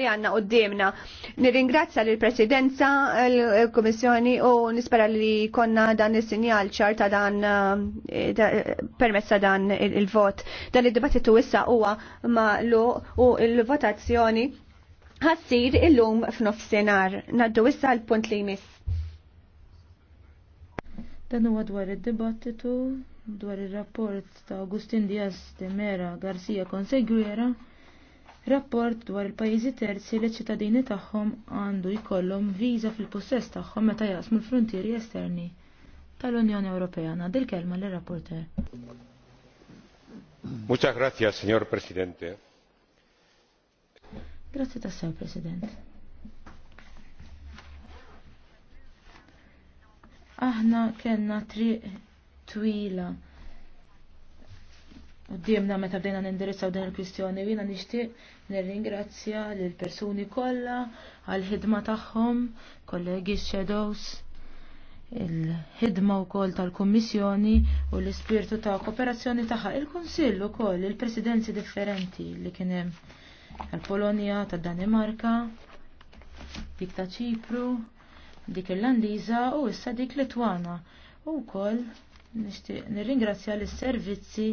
li għanna qoddimna. Nirringrazzja lill presidenza l-Komissjoni u nispera li konna dan is-sinjal ċar ta' dan eh, permessa dan il-vot. Dan id-dibattitu issa huwa ma' u l-votazzjoni ħassir illum f'nofsinhar. Naddu issa l-punt li jmiss. Dan huwa dwar id-dibattitu dwar ir-rapport ta' Agustin Diaz de Mera Garcia Consegriera rapport dwar il-pajjiżi terzi li ċ-ċittadini tagħhom għandu jkollhom viża fil-possess tagħhom meta jaqsmu l-frontieri esterni tal-Unjoni Ewropea. Ngħaddi l-kelma lir rapporter Muchas gracias, señor presidente. Grazie tassew, President. Aħna kellna triq twila Għoddimna meta bdejna nindirizzaw din il-kwistjoni, jina nixtieq nirringrazzja lill persuni kollha għal-ħidma tagħhom, kollegi shadows, il-ħidma wkoll tal-Kummissjoni u l-ispirtu ta' kooperazzjoni tagħha il-Kunsill ukoll il-presidenzi differenti li kien hemm tal-Polonja, tad-Danimarka, dik ta' Ċipru, dik il-Landiża, u issa dik Litwana. U wkoll nixtieq nirringrazzja l servizzi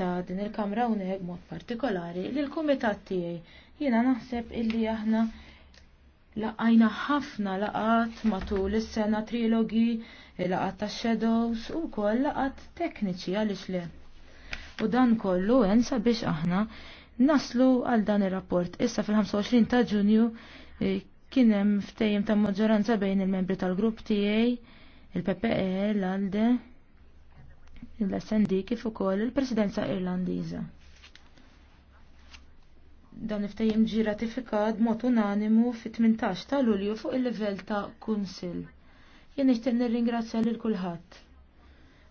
ta' din il-kamra unek mod partikolari li l-kumitat tiegħi jiena naħseb illi aħna laqajna ħafna laqat matul is-sena trilogi, laqat ta' shadows u koll laqat tekniċi għaliex le. U dan kollu għen sabiex aħna naslu għal dan ir-rapport. Issa fil-25 ta' Ġunju eh, kien hemm ta' maġġoranza bejn il-membri tal-grupp tiegħi, il-PPE, l-ALDE, l-SND kif ukoll il-Presidenza Irlandiża. Dan iftajim ġi ratifikat b'mod unanimu fit-18 ta' Lulju fuq il-livell ta' Kunsill. Jien nixtieq nirringrazzja lil kulħadd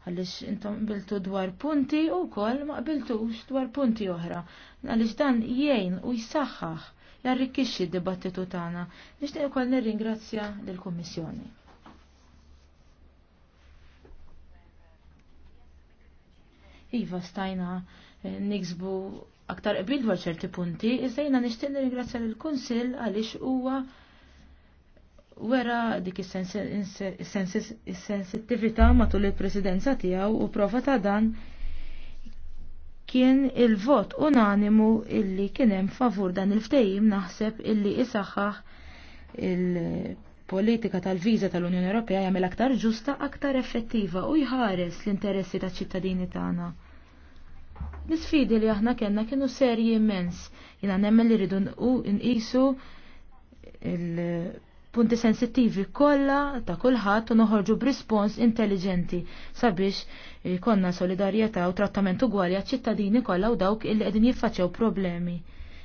għalix intom biltu dwar punti u kol ma biltux dwar punti oħra. Għalix dan jgħin u jisaxħax jarrikixi d-dibattitu tagħna. Nixtieq ukoll nirringrazzja lill-Kummissjoni. Iva stajna eh, niksbu aktar qbil dwar ċerti punti, iżda jiena nixtieq nirringrazzja lill-Kunsill għaliex huwa wera dik is-sensittività matul il-presidenza tiegħu u prova ta' dan kien il-vot unanimu illi kien hemm favur dan il-ftehim naħseb illi isaħħaħ il- politika tal-viża tal-Unjoni Ewropea jagħmel aktar ġusta, aktar effettiva u jħares l-interessi taċ-ċittadini tagħna. L-isfidi li aħna kellna kienu serji immens. Jiena nemmen li rridu nqisu il-punti sensittivi kollha ta' kulħadd u noħorġu b'rispons intelligenti sabiex jkollna solidarjetà u trattament ugwali għaċ-ċittadini kollha u dawk illi qegħdin jiffaċċew problemi.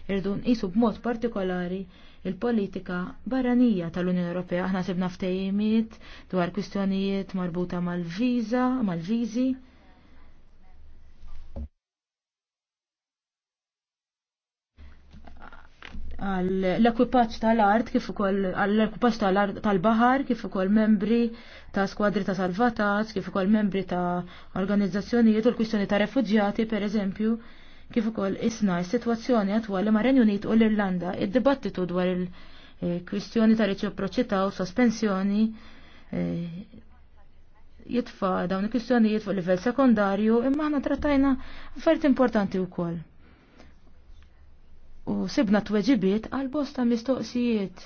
Irridu nqisu b'mod partikolari il-politika barranija tal-Unjoni Ewropea. Aħna sibna ftejimiet dwar kwistjonijiet marbuta mal-viża, mal-viżi. l-ekwipaġġ tal-art kif ukoll l-ekwipaġġ tal-art tal-baħar kif ukoll membri ta' skwadri ta' salvataġġ kif ukoll membri ta' organizzazzjonijiet u l-kwistjoni ta' refuġjati pereżempju. eżempju kif ukoll isna s-sitwazzjoni attwali ma' Renju Unit u l-Irlanda, id-dibattitu dwar il-kwistjoni ta' reċiproċità u sospensjoni eh, jitfa dawn il kwistjoni fuq livell sekondarju imma aħna trattajna affarijiet importanti wkoll. U sibna tweġibiet għal bosta mistoqsijiet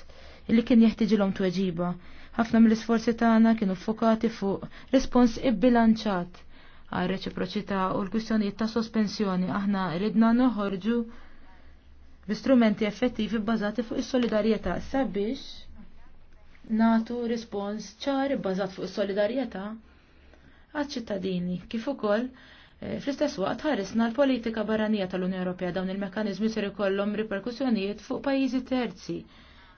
li kien jeħtiġilhom tweġiba. Ħafna mill-isforzi tagħna kienu ffokati fuq respons ibbilanċat għal reċiproċità u l-kwistjonijiet ta' sospensjoni aħna ridna noħorġu b'istrumenti effettivi bbażati fuq is-solidarjetà sabiex natu rispons ċar bbażat fuq is-solidarjetà għaċ-ċittadini kif ukoll eh, Fl-istess waqt ħarisna l-politika barranija tal-Unjoni Ewropea dawn il-mekkaniżmi ser ikollhom riperkussjonijiet fuq pajjiżi terzi.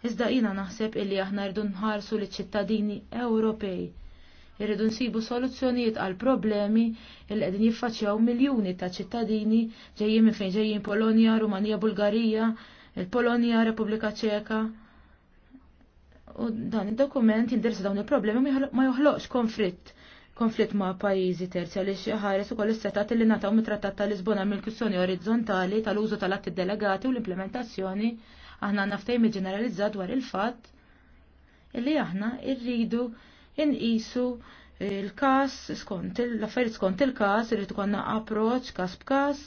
Iżda jiena naħseb illi aħna rdu nħarsu liċ ċittadini Ewropej Irridu nsibu soluzzjonijiet għal problemi l qegħdin jiffaċċjaw miljuni ta' ċittadini ġejjin minn fejn ġejjin Polonja, Rumanija, Bulgarija, il-Polonja, Repubblika Ċeka. U dan id-dokument jindirsa dawn il-problemi ma joħloqx konflitt konflitt ma' pajjiżi terzi għaliex ħares ukoll is-setat li nataw mit-Trattat ta' Lisbona mill kussjoni orizzontali tal-użu tal-atti delegati u l-implementazzjoni aħna naftejmi ġeneralizzat dwar il-fatt illi aħna irridu il inqisu il-każ skont l-affarijiet skont il-każ irid ikollna approċċ każ b'każ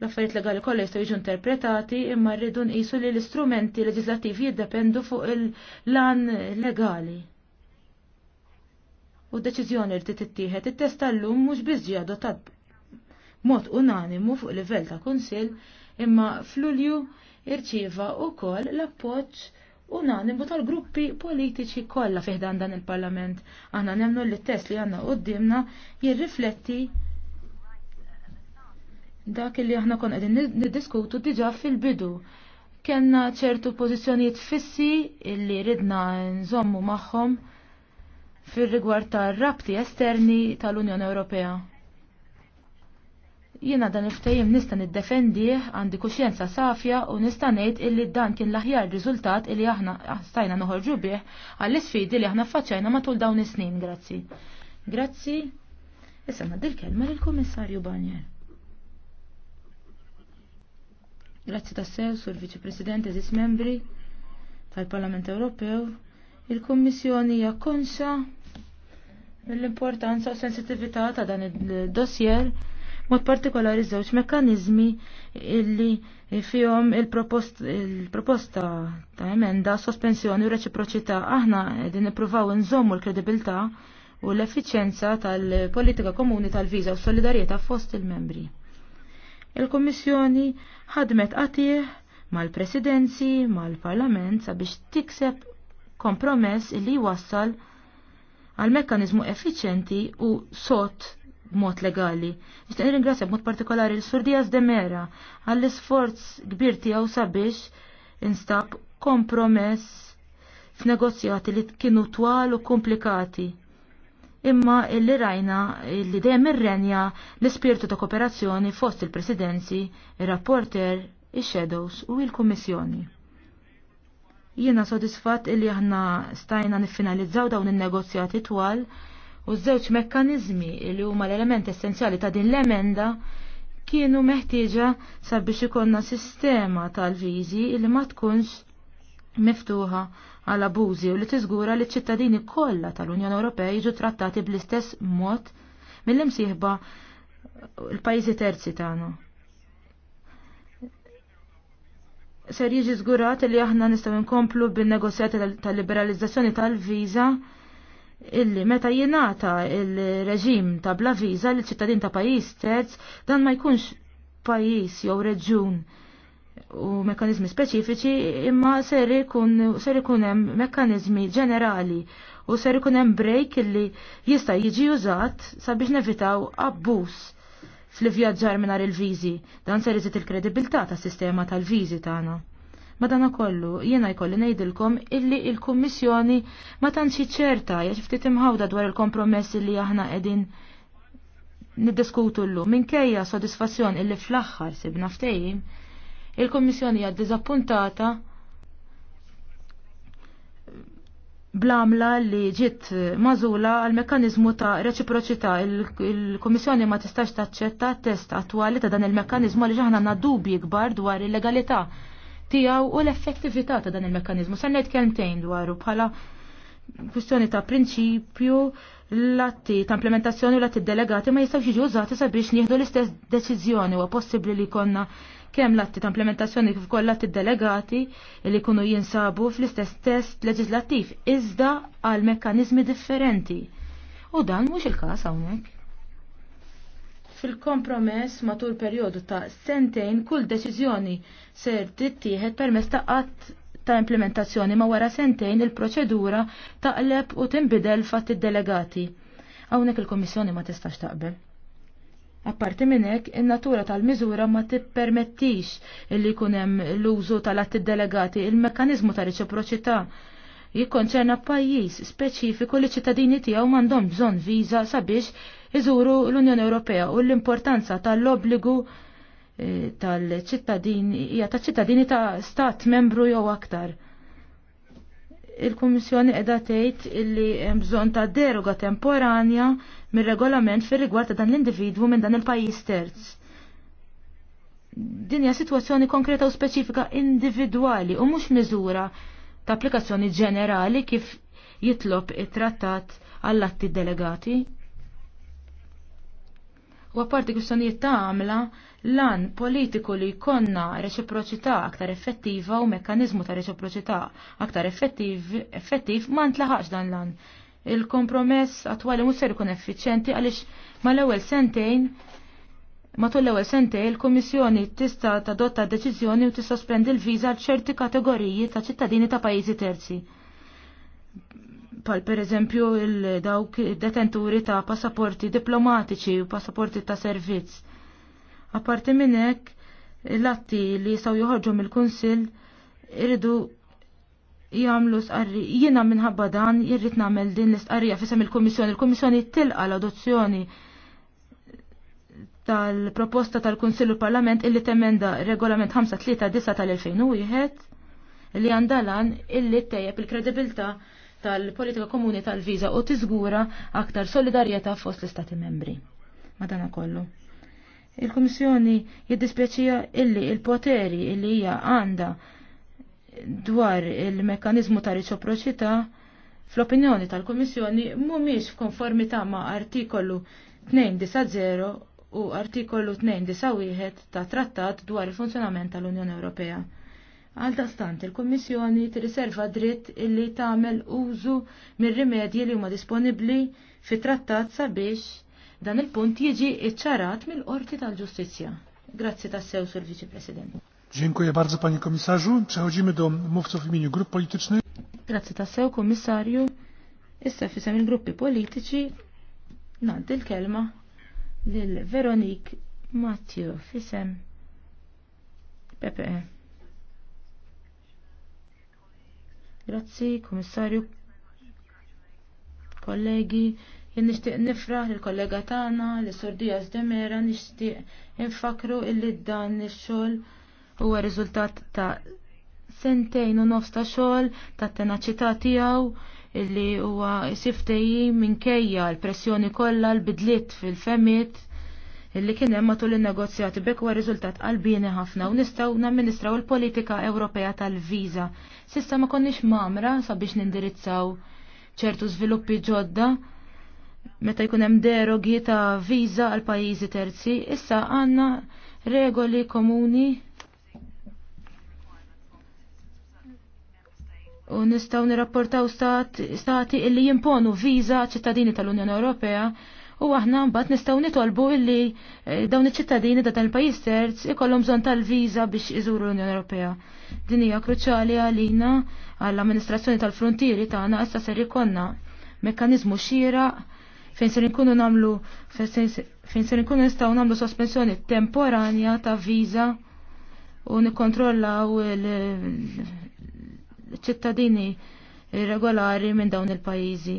l-affarijiet legali kollha jistgħu jiġu interpretati imma rridu nqisu li l-istrumenti leġislattivi jiddependu fuq il-lan legali. U d-deċiżjoni li tittieħed it-test tal-lum mhux biss ġie adottat mod unanimu fuq livell ta' kunsill imma f'Lulju irċieva wkoll l-appoġġ Una nanibu tal-gruppi politiċi kollha fiħdan dan il-Parlament. Aħna nemnu li t-test li għanna uddimna jirrifletti dak li aħna kon qegħdin niddiskutu diġà fil-bidu. Kenna ċertu pożizzjonijiet fissi illi ridna nżommu magħhom fir-rigward tar-rabti esterni tal-Unjoni Ewropea. Jiena dan il-ftejim nista' niddefendih għandi kuxjenza safja u nista' ngħid illi dan kien l-aħjar riżultat illi aħna stajna noħorġu bih għall-isfidi li aħna faċċajna matul dawn is-snin, grazzi. Grazzi. Issa ma dil kelma lill-Kummissarju Banjer. Grazzi tassew sur Viċi President eżis membri tal-Parlament Ewropew. Il-Kummissjoni hija konxa l-importanza u sensitività ta' dan id-dossier mod partikolari żewġ mekkaniżmi illi fihom il-proposta ta' emenda sospensjoni u reċiproċità aħna qegħdin nippruvaw inżommu l-kredibilità u l-effiċjenza tal-politika komuni tal-viża u solidarjetà fost il-membri. Il-Kommissjoni ħadmet qatih mal-presidenzi, mal-parlament sabiex tikseb kompromess illi wassal għal mekkanizmu effiċjenti u sot b'mod legali. Nistaqni ringrazja b'mod partikolari l-Sur Diaz de Mera għall-isforz kbir tiegħu sabiex instab kompromess f'negozjati li kienu twal u komplikati. Imma illi rajna illi dejjem irrenja l-ispirtu ta' kooperazzjoni fost il-presidenzi, ir-rapporter, il ix-shadows u il-kummissjoni jiena sodisfatt illi aħna stajna niffinalizzaw dawn in-negozjati twal U żewġ mekkaniżmi li huma l-element essenzjali ta' din l-emenda kienu meħtieġa sabiex ikonna sistema tal-viżi li ma tkunx miftuħa għal abużi u li tiżgura li ċ-ċittadini kollha tal-Unjoni Ewropea jiġu trattati bl-istess mod mill-imsieħba l-pajjiżi terzi tagħna. Ser jiġi żgurat li aħna nistgħu nkomplu bin-negozjati tal-liberalizzazzjoni tal-viża tal liberalizzazzjoni tal viża illi meta jenata il-reġim ta' bla viza li ċittadin ta' pajis terz dan ma jkunx pajis jew reġjun u mekanizmi speċifiċi imma ser ikun hemm mekanizmi ġenerali u ser ikun hemm break illi jista' jiġi użat sabiex nevitaw abbuż fl-ivvjaġġar mingħajr il-viżi dan ser iżid il-kredibilità tas-sistema tal-viżi tagħna. Madana kollu, jiena jkolli ngħidilkom illi il-Kummissjoni ma tantx ċerta jekk ftit imħawda dwar il-kompromessi li aħna qegħdin niddiskutu llum. Minkejja sodisfazzjon illi fl-aħħar sibna ftehim, il-Kummissjoni hija ddiżappuntata blamla li ġiet mażula għal mekkaniżmu ta' reċiproċità. Il-Kummissjoni ma tistax taċċetta test attwali ta' dan il-mekkaniżmu li ġaħna għandna dubji kbar dwar il-legalità tiegħu u l-effettività ta' dan il mekanizmu Sa ngħid kelmtejn dwaru bħala kwistjoni ta' prinċipju l-atti ta' implementazzjoni u l-atti delegati ma jistaw jiġu użati sabiex nieħdu l-istess deċiżjoni u possibbli li konna kemm l-atti ta' implementazzjoni kif ukoll l-atti delegati li jkunu jinsabu fl-istess test leġislattiv iżda għal mekanizmi differenti. U dan mhux il-każ hawnhekk. Fil-kompromess matul perjodu ta' sentejn kull deċiżjoni ser tittieħed permezz ta' qatt ta' implementazzjoni ma' wara sentejn il-proċedura taqleb u tinbidel fatt id-delegati. Hawnhekk il kummissjoni ma tistax taqbel. Apparti minn hekk, in-natura tal-miżura ma tippermettix illi jkun hemm l-użu tal id delegati, il-mekkaniżmu ta' reċiproċità jikkonċerna pajjiż speċifiku li ċittadini tiegħu m'għandhom bżonn viża sabiex iżuru l-Unjoni Ewropea u l-importanza tal-obbligu eh, tal-ċittadini ta' ċittadini ta' stat membru jew aktar. Il-Kummissjoni qiegħda tgħid illi hemm bżonn ta' deroga temporanja mir-regolament fir-rigward ta' dan l-individwu minn dan il-pajjiż terz. Din hija sitwazzjoni konkreta u speċifika individwali u mhux miżura ta' applikazzjoni ġenerali kif jitlob it-trattat għall-atti delegati. U għaparti kwistjonijiet ta' għamla, lan politiku li konna reċiproċità aktar effettiva u mekkanizmu ta' reċiproċità aktar effettiv, effettiv ma' ntlaħax dan lan. Il-kompromess attwali mhux ser ikun effiċenti għaliex mal-ewwel sentejn Matul l-ewwel sentej il-Kummissjoni tista' tadotta deċiżjoni u tissospendi l-viża għal ċerti kategoriji ta' ċittadini ta' pajjiżi terzi. Pal per eżempju il-dawk detenturi ta' passaporti diplomatiċi u passaporti ta' servizz. Apparti minn hekk, l-atti li jistgħu joħorġu mill-Kunsill irridu jagħmlu sqarri jiena minħabba dan irrid nagħmel din l-istqarrija fisem il-Kummissjoni. Il-Kummissjoni tilqa l-adozzjoni tal-proposta tal-Kunsillu Parlament illi temenda regolament 539 tal-2001 li għandalan illi tejjeb il-kredibilta tal-politika komuni tal-viza u tiżgura aktar solidarjetà fost l-Istati membri. Madana kollu. Il-Komissjoni jiddispjaċija illi il-poteri illi hija għanda dwar il-mekanizmu ta' reċiproċità fl-opinjoni tal-Komissjoni mhumiex f'konformità ma' artikolu 290 u artikolu 291 ta' trattat dwar il-funzjonament tal-Unjoni Ewropea. Għalda stant il-Kommissjoni tirriserva dritt illi tagħmel użu mir-rimedji li huma disponibbli fi trattat sabiex dan il-punt jiġi iċċarat mill-Qorti tal-Ġustizzja. Grazzi tassew sur Viċi President. Dziękuję bardzo panie komisarzu. Przechodzimy do mówców w imieniu grup politycznych. Grazzi tassew komisarju. Issa fisem il-gruppi politiċi naddi il kelma lil Veronik Matthew fisem PPE. Grazzi, komissarju, kollegi, jien nixtieq nifraħ lill kollega Tana, li sordija Demera nixtieq infakru illi dan ix-xogħol huwa riżultat ta' sentejn u nofs ta' xogħol ta' tenaċità tiegħu illi huwa siftejji minkejja l-pressjoni kollha l-bidliet fil-femmit illi kien hemm matul in-negozjati bekk huwa riżultat qalbieni ħafna u nistgħu namministraw il-politika Ewropea tal-viża. Sissa ma konniex mamra sabiex nindirizzaw ċertu żviluppi ġodda meta jkun hemm derogi ta' viża għal pajjiżi terzi, issa għandna regoli komuni u nistaw nirrapportaw stati illi jimponu viza ċittadini tal-Unjoni Ewropea u aħna mbagħad nistgħu nitolbu illi eh, dawn iċ-ċittadini ta' tal-pajjiż terz ikollhom bżonn tal-viża biex iżuru l-Unjoni Ewropea. Din hija kruċjali għalina għall-amministrazzjoni tal-frontieri tagħna issa ser ikonna mekkaniżmu xira fejn ser inkunu nagħmlu fejn ser inkunu nistgħu nagħmlu sospensjoni temporanja ta' viża u nikkontrollaw ċittadini regolari minn dawn il-pajjiżi.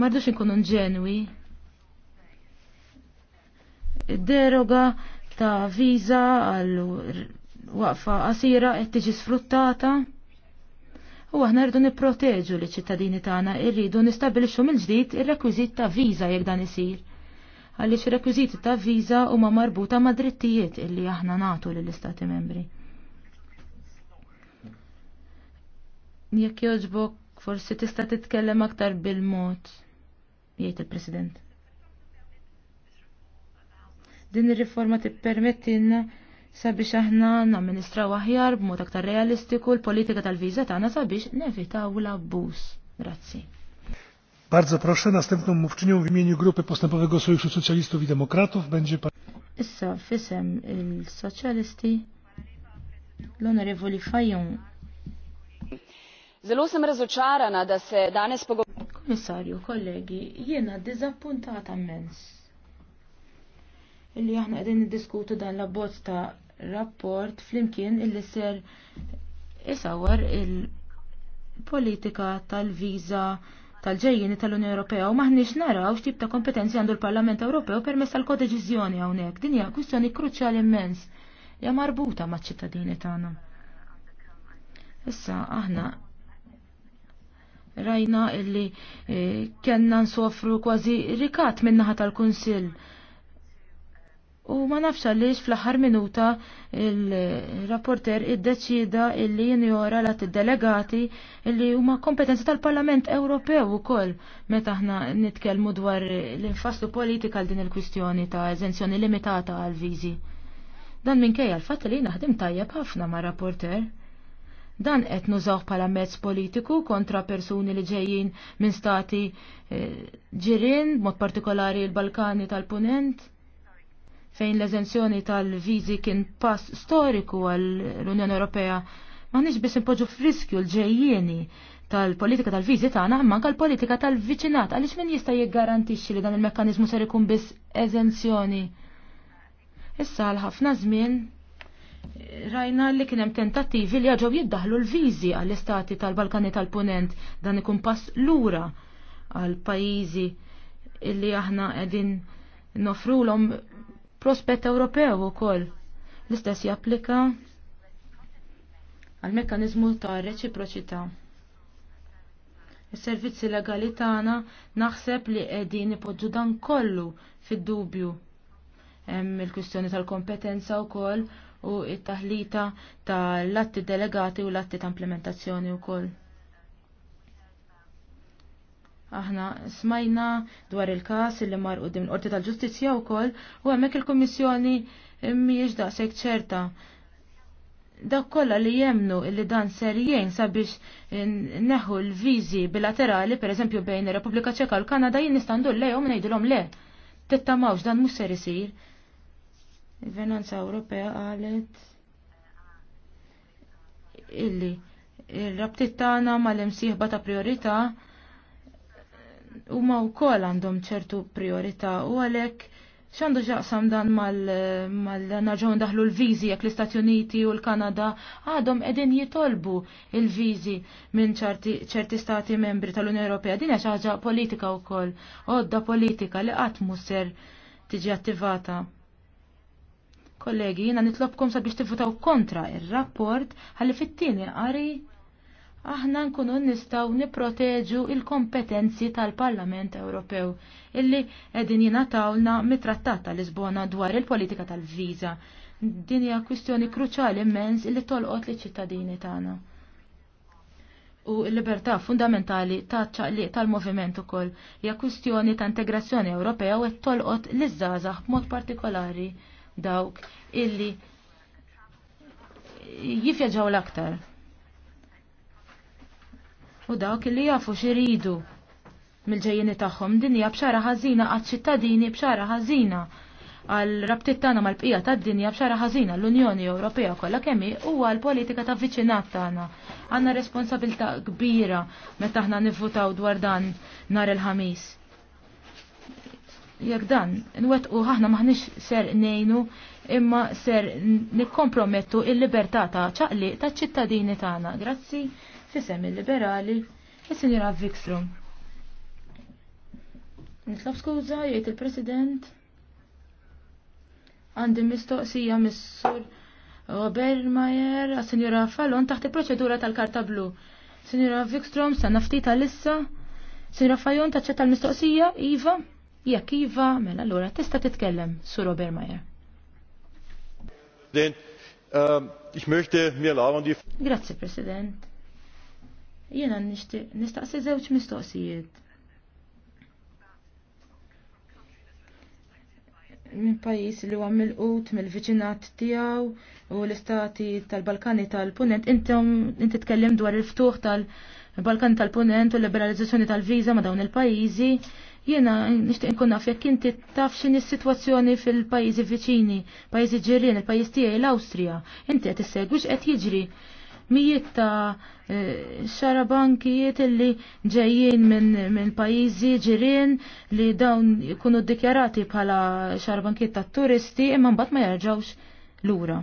Mardux inkunu nġenwi. Deroga ta' viża għal waqfa qasira qed tiġi sfruttata. U aħna rridu nipproteġu li ċittadini tagħna rridu nistabilixxu mill-ġdid ir-rekwiżit ta' viża jekk dan isir. Għaliex rekwiżiti ta' viża huma marbuta ma' drittijiet illi aħna nagħtu lill-Istati Membri. Jekk joġbok forsi tista' titkellem aktar bil-mod, jgħid il-President. Din ir-riforma tippermettilna sabiex aħna namministraw aħjar b'mod aktar realistiku l-politika tal-viża tagħna sabiex nevitaw l-abbuż. Grazzi. Bardzo proszę, następną mówczynią w imieniu Grupy Postępowego Sojuszu Socjalistów i Demokratów będzie pan... Issa, fisem il-Soċjalisti, l-Onorevoli Fajon Zelo sem razočarana, da se danes pogovarjamo. Komissarju, kollegi, jiena dizappuntata mens Illi aħna qegħdin diskutu dan l-abbozz ta' rapport flimkien illi ser isawar il-politika tal viza tal-ġejjini tal-Unjoni Ewropea u maħniex naraw x'tip ta' kompetenzi għandu l-Parlament Ewropew permezz tal-kodeċiżjoni hawnhekk. Din hija kwistjoni kruċjali immens hija marbuta maċ-ċittadini tagħna. Issa aħna Rajna illi eh, kena nsofru kważi rikat minnaħat tal-Kunsill. U ma nafx għaliex fl-aħħar minuta il-rapporter iddeċida illi jinjora lat id-delegati illi huma kompetenza tal-Parlament Ewropew ukoll meta aħna nitkellmu dwar l-infaslu politika għal din il-kwistjoni ta' eżenzjoni limitata għal viżi. Dan minkejja l-fatt li naħdim tajjeb ħafna ma' rapporter. Dan qed nużaw bħala mezz politiku kontra persuni li ġejjin minn stati eh, ġirin, mod partikolari l-Balkani tal-Punent, fejn l-eżenzjoni tal-viżi kien pass storiku għall-Unjoni Ewropea. Maħniex biss impoġġu friskju l-ġejjieni tal-politika tal-viżi tagħna imma anke l-politika tal-viċinat għaliex min jista' jiggarantixxi li dan il-mekkaniżmu ser ikun biss eżenzjoni. Issa għal ħafna żmien rajna li kienem tentattivi li għagħu jiddaħlu l-vizi għall-istati tal-Balkani tal-Ponent dan ikun pass lura għal-pajizi illi aħna edin nofru l-om prospett Ewropew u L-istess japplika għal-mekanizmu ta' reċiproċità. Is-servizzi legali tagħna naħseb li qegħdin ipoġġu dan kollu fid-dubju. Hemm il-kwistjoni tal-kompetenza wkoll u it-taħlita ta' l-atti delegati u l-atti ta' implementazzjoni wkoll. Aħna smajna dwar il-kas li mar qudiem l-Qorti tal-Ġustizzja wkoll u hemmhekk il-Kummissjoni mhijiex daqshekk ċerta dak kollha li jemnu li dan ser jien sabiex neħu l-viżi bilaterali, pereżempju bejn ir-Repubblika Ċeka u l-Kanada jien nistandu lejhom ngħidulhom le. Tittamawx dan mhux ser isir Il-Venanza Ewropea qalet illi il-rabtiet tagħna mal-imsieħba ta' priorità huma wkoll għandhom ċertu priorità u għalhekk x'għandu xjaqsam dan mal-naġun daħlu l-viżi jekk l-Istati Uniti u l-Kanada għadhom qegħdin jitolbu il-viżi minn ċerti stati membri tal-Unjoni Ewropea. Din hija xi ħaġa politika wkoll, għodda politika li qatt musser tiġi attivata. Kollegi, jina nitlobkom sabiex tifutaw kontra il-rapport għalli fit-tieni qari aħna nkunu nistaw niproteġu il-kompetenzi tal-Parlament Ewropew illi edin jinatawlna mitrattat tal-Lisbona dwar il-politika tal-viza. Din hija kwistjoni kruċali immens illi tolqot li ċittadini tagħna. U l-libertà fundamentali ta' ċaqliq tal-moviment ukoll hija kwistjoni ta' integrazzjoni Ewropea u qed tolqot liż-żgħażagħ b'mod partikolari dawk illi jifjaġaw l-aktar. U dawk illi jafu xiridu mill-ġejjeni tagħhom dinja bxara ħażina għaċ-ċittadini bxara ħażina għal rabtiet tagħna mal-bqija tad-dinja bxara ħażina l-Unjoni Ewropea kollha kemm huwa għal politika ta' viċinat tagħna. Għandna responsabilità kbira meta aħna nivvutaw dwar dan il-ħamis jekk dan nwet u ħahna maħnix ser nejnu imma ser nikkompromettu il-libertà ta' ċaqli ta' ċittadini tagħna. Grazzi fisem il-liberali is-Sinjora Vikstrom. Nitlob skuża jgħid il-President għandi mistoqsija mis-sur Obermajer għas-Sinjora Fallon taħt il-proċedura tal-Karta Blu. Sinjora Vikstrom sa naftita għalissa. Sinjora Fajon taċċetta l-mistoqsija, Iva? Jekk iva, mela allura tista' titkellem, Sur Robert Mayer. Ehm, ich möchte mir die Grazie President. Jiena nixtieq nistaqsi żewġ mistoqsijiet. min pajis li huwa mill-qut mill-viċinat tiegħu u l-istati tal-Balkani tal-Punent intom inti tkellem dwar il-ftuħ tal- il-Balkan tal-Punent u l-liberalizzazzjoni tal-viża ma' dawn il-pajjiżi, jiena nixtieq nkun naf jekk inti taf x'in is sitwazzjoni fil-pajjiżi viċini, pajjiżi ġirien, il-pajjiż tiegħi l-Awstrija. Inti qed issegwix qed jiġri mijiet ta' e, xarabankijiet illi ġejjin minn min pajjiżi ġirien li dawn jkunu ddikjarati bħala xarabankijiet ta' turisti imma mbagħad ma jerġgħux lura.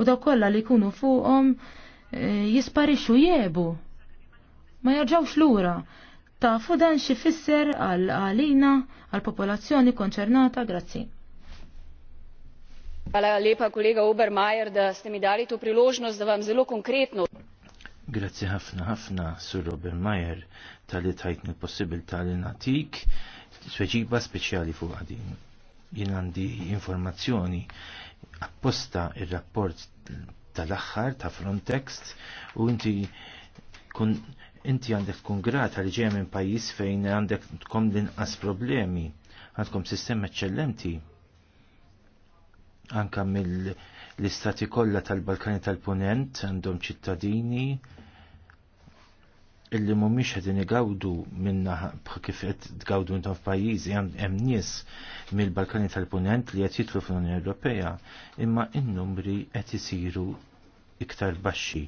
U daw kollha li jkunu fuqhom jisparixxu jiebu. Ma jarġawx lura. Tafu dan xi fisser għal għalina għal popolazzjoni konċernata grazzi. Għala lepa Uber Obermajer da ste mi dali to priložnost da vam zelo konkretno Grazzi ħafna ħafna sur Robert Mayer tal-li tajtni possibilità li natik sveġiba speċjali fuq għadin. Jien għandi informazzjoni apposta il rapport tal-axħar ta' Frontex u inti kun inti għandek tkun grata li ġej minn pajjiż fejn għandek tkom l-inqas problemi, għandkom sistema eċċellenti anka mill-istati kollha tal-Balkani tal-Punent għandhom ċittadini illi mumiex qed igawdu minna kif qed tgawdu intom f'pajjiżi hemm nies mill-Balkani tal-Punent li qed jitlu fl-Unjoni Ewropea, imma in-numri qed isiru iktar baxxi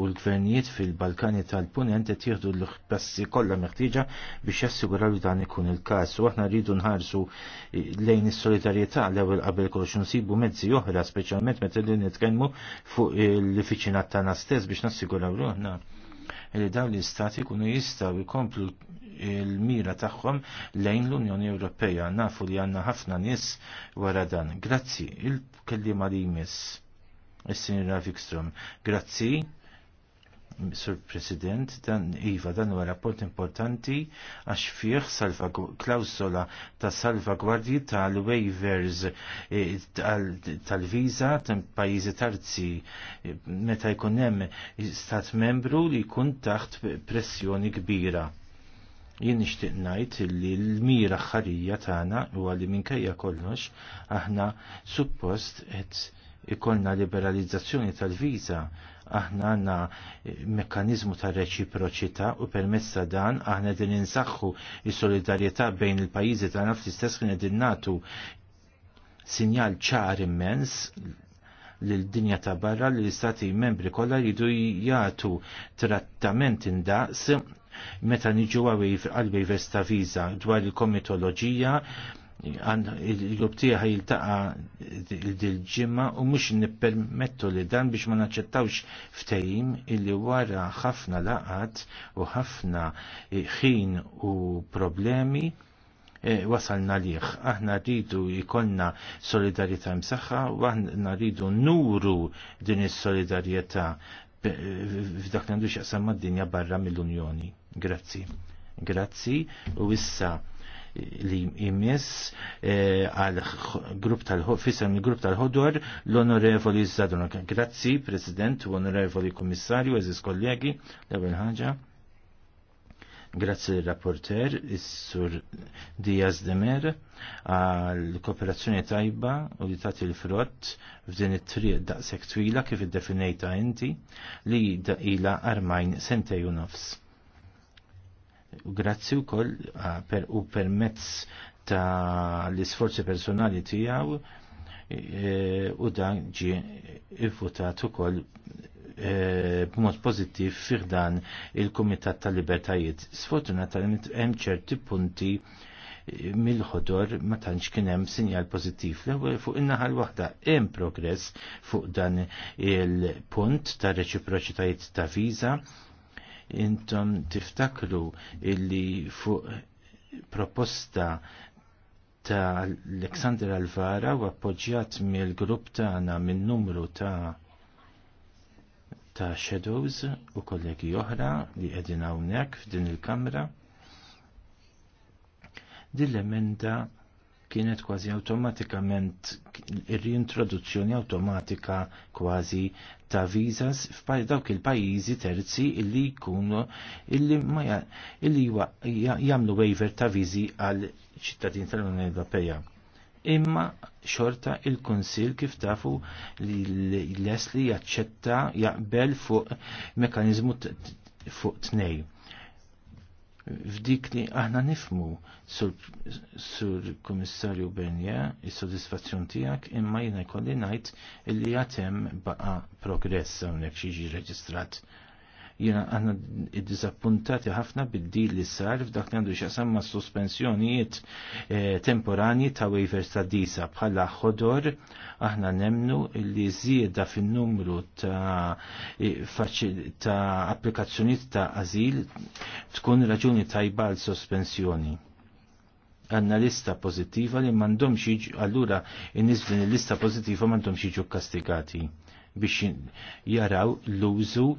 u l-gvernijiet fil-Balkani tal-Punent qed jieħdu l-passi kollha meħtieġa biex jassiguraw dan ikun il-każ u aħna rridu nħarsu lejn is-solidarjetà l-ewwel qabel kollox nsibu mezzi oħra speċjalment meta li nitkellmu fuq l-fiċinat tagħna stess biex nassiguraw ruħna li dawn l-istati kunu jistaw jkomplu il-mira tagħhom lejn l-Unjoni Ewropea. Nafu li għanna ħafna nies wara dan. Grazzi, il-kellima li jmiss. Is-Sinjura Vikstrom. Grazzi. Sur President, dan Iva, dan huwa rapport importanti għax fih salva klausola ta' salvagwardji tal-waivers e, tal-viza tal pajjiżi tarzi e, meta jkun hemm stat membru li jkun taħt pressjoni kbira. Jien nixtieq ngħid li l-mira ħarija tagħna huwa li minkejja kollox aħna suppost qed ikollna liberalizzazzjoni tal-viża aħna għanna eh, mekkanizmu ta' reċiproċità u permezz ta' dan aħna din insaxħu is-solidarjetà bejn il-pajjiżi ta' fl-istess kien qegħdin nagħtu sinjal ċar immens lil dinja ta' barra li l-istati membri kollha jridu jagħtu trattament indaqs meta niġu għawif għal-wejvers ta' viża dwar il-komitoloġija il-grupp tiegħi jiltaqa dil-ġimma u mhux nippermettu li dan biex ma naċċettawx ftehim illi wara ħafna laqat u ħafna ħin u problemi e, wasalna liħ. Aħna rridu jkollna solidarieta msaħħa u aħna rridu nuru din is-solidarjetà f'dak li għandu x'aqsam mad-dinja barra mill-Unjoni. Grazzi. Grazzi u issa li jmiss eh, għal grupp tal-fisem il-grupp tal-ħodor l-onorevoli Zadona. Grazzi, President, u onorevoli Komissarju, eżis kollegi, l-ewel ħaġa. Grazzi l-rapporter, Is-Sur Diaz Demer, għal kooperazzjoni tajba u li tagħti l-frott f'din it-triq daqshekk twila kif iddefinejta inti li daqila armajn sentej u nofs Grazzi u koll per, u permezz ta' l-isforzi personali tijaw e, u dan ġi u ukoll e, b'mod pozittiv firdan il-Kumitat tal-Libertajiet. Sfortunatament hemm ċerti punti e, mill-ħodor ma tantx kien hemm sinjal pożittiv. L-ewwel fuq in-naħa l-waħda hemm progress fuq dan il-punt ta' reċiproċitajiet ta' viża intom tiftakru illi fuq proposta ta' Aleksandr Alvara u appoġġjat mill-grupp tagħna minn numru ta' ta' Shadows u kollegi oħra li qegħdin hawnhekk f'din il-kamra. dil emenda kienet kważi automatikament ir rintroduzzjoni automatika kważi ta' vizas f'dawk il-pajjiżi terzi illi jkunu illi ma illi jagħmlu waiver ta' viżi għal ċittadin tal-Unjoni Ewropea. Imma xorta il-Kunsil kif tafu li l-Esli jaċċetta jaqbel fuq mekanizmu fuq tnejn f'dik li aħna nifmu sur komissarju Benja is-sodisfazzjon tiegħek imma jina jkolli ngħid il għad hemm baqa' progress hawnhekk xi jiġi reġistrat jina għanna id-dizappuntati ħafna bid-dil li sar f'dak li għandu xasamma ma' sospensjonijiet eh, temporani ta' waivers ta' disa bħala ħodor aħna nemnu li zieda fin-numru ta' eh, ta' applikazzjoniet ta' azil tkun raġuni tajba l-sospensjoni għanna lista pozittiva li mandom xieġ, allura in nisbin din il-lista pozittiva mandom jiġu kastigati biex jaraw l-użu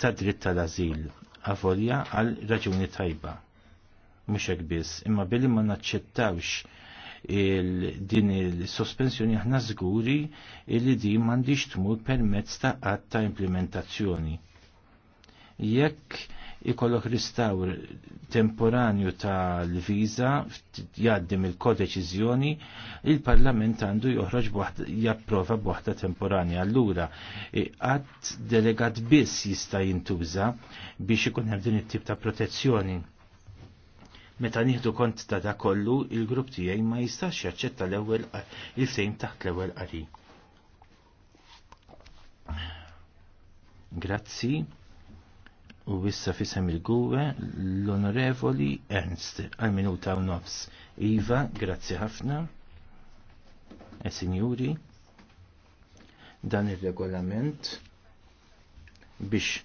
ta' dritt tal-azil avolja għal raġuni tajba. Mhux hekk biss, imma billi ma naċċettawx din il-sospensjoni aħna żguri li di m'għandix tmur permezz ta' qatt ta' implementazzjoni. Jekk ikollok ristawr temporanju tal-viża jaddim il-kodeċiżjoni, il-Parlament għandu joħroġ japprova buħta temporanja. Allura, e, għad delegat biss jista' jintuża biex ikun hemm din it-tip ta' protezzjoni. Meta nieħdu kont ta' da kollu, il-grupp tiegħi ma jistax jaċċetta l-ewwel il sejm taħt l-ewwel qari. Grazzi. U wissa fisem il-gwe l-onorevoli Ernst għal-minuta u nofs. Iva, grazzi ħafna. E signori, dan il-regolament biex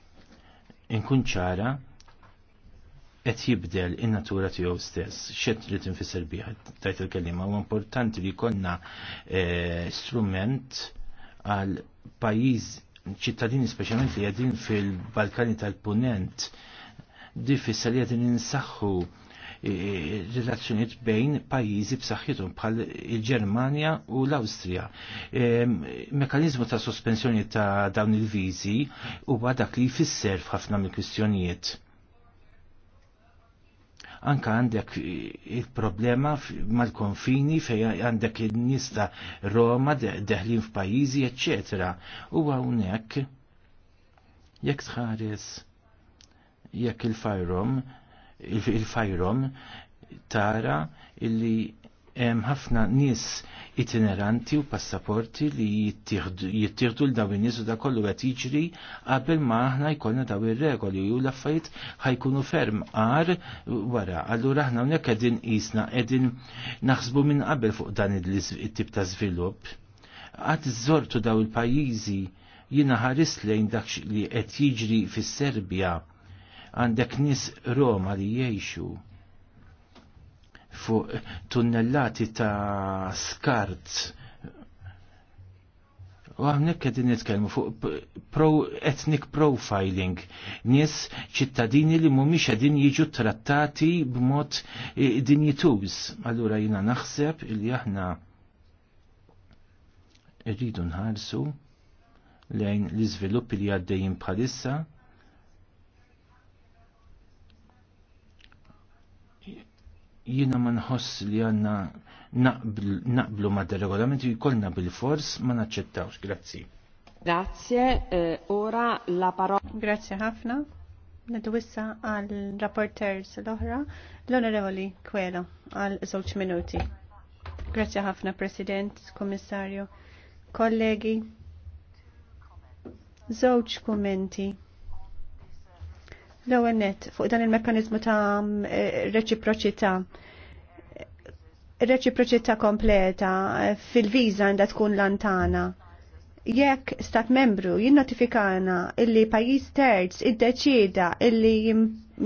inkunċara ċara qed jibdel in-natura tiegħu stess, xed li infisser biha tajt il-kelliema U importanti li jkollna eh, strument għal pajjiż ċittadini speċjalment li għadin fil-Balkani tal-Punent fissa li għadin insaxħu e, e, relazzjoniet bejn pajjiżi b'saħħithom bħal il-Ġermanja u l-Awstrija. E, mekanizmu ta' sospensjoni ta' dawn il-viżi huwa dak li jfisser f'ħafna mill-kwistjonijiet anka għandek il-problema mal-konfini fej għandek il-nista Roma deħlin f'pajizi, etc. U għawnek, jekk tħares, jekk il-fajrom, il-fajrom, tara illi ħafna nies itineranti u passaporti li jittieħdu l dawn nies u da kollu qed jiġri qabel ma aħna jkollna daw ir-regoli u l-affarijiet ħajkunu ferm għar wara. Allura aħna hawnhekk qegħdin qisna qegħdin naħsbu minn qabel fuq dan it-tip ta' żvilupp. Għad żortu daw il-pajjiżi jiena ħaris lejn dak li qed jiġri fis-Serbja għandek nies Roma li jgħixu fuq tunnellati ta' skart. U għamnek għedin nitkelmu fuq pro ethnic profiling, nies ċittadini li mumiex għedin jiġu trattati b'mod e, dinjituż. Allura jina naħseb li aħna rridu nħarsu lejn l-izviluppi li għaddejjin bħalissa Jiena ma nħoss li għanna naqblu ma regolamenti jkollna bil-fors ma naċċettawx. Grazzi. Grazie, eh, ora la parola. Grazie ħafna. Nadwissa għal rapporters l-oħra, l-onorevoli Kwelo, għal żewġ minuti. Grazie ħafna, President, Komissarju, kollegi, żewġ kummenti. L-ewwel fuq dan il mekanizmu ta' mm, eh, reċiproċità. Reċiproċità kompleta fil viza għandha tkun lantana jekk stat membru jinnotifikana illi pajjiż terz id-deċida illi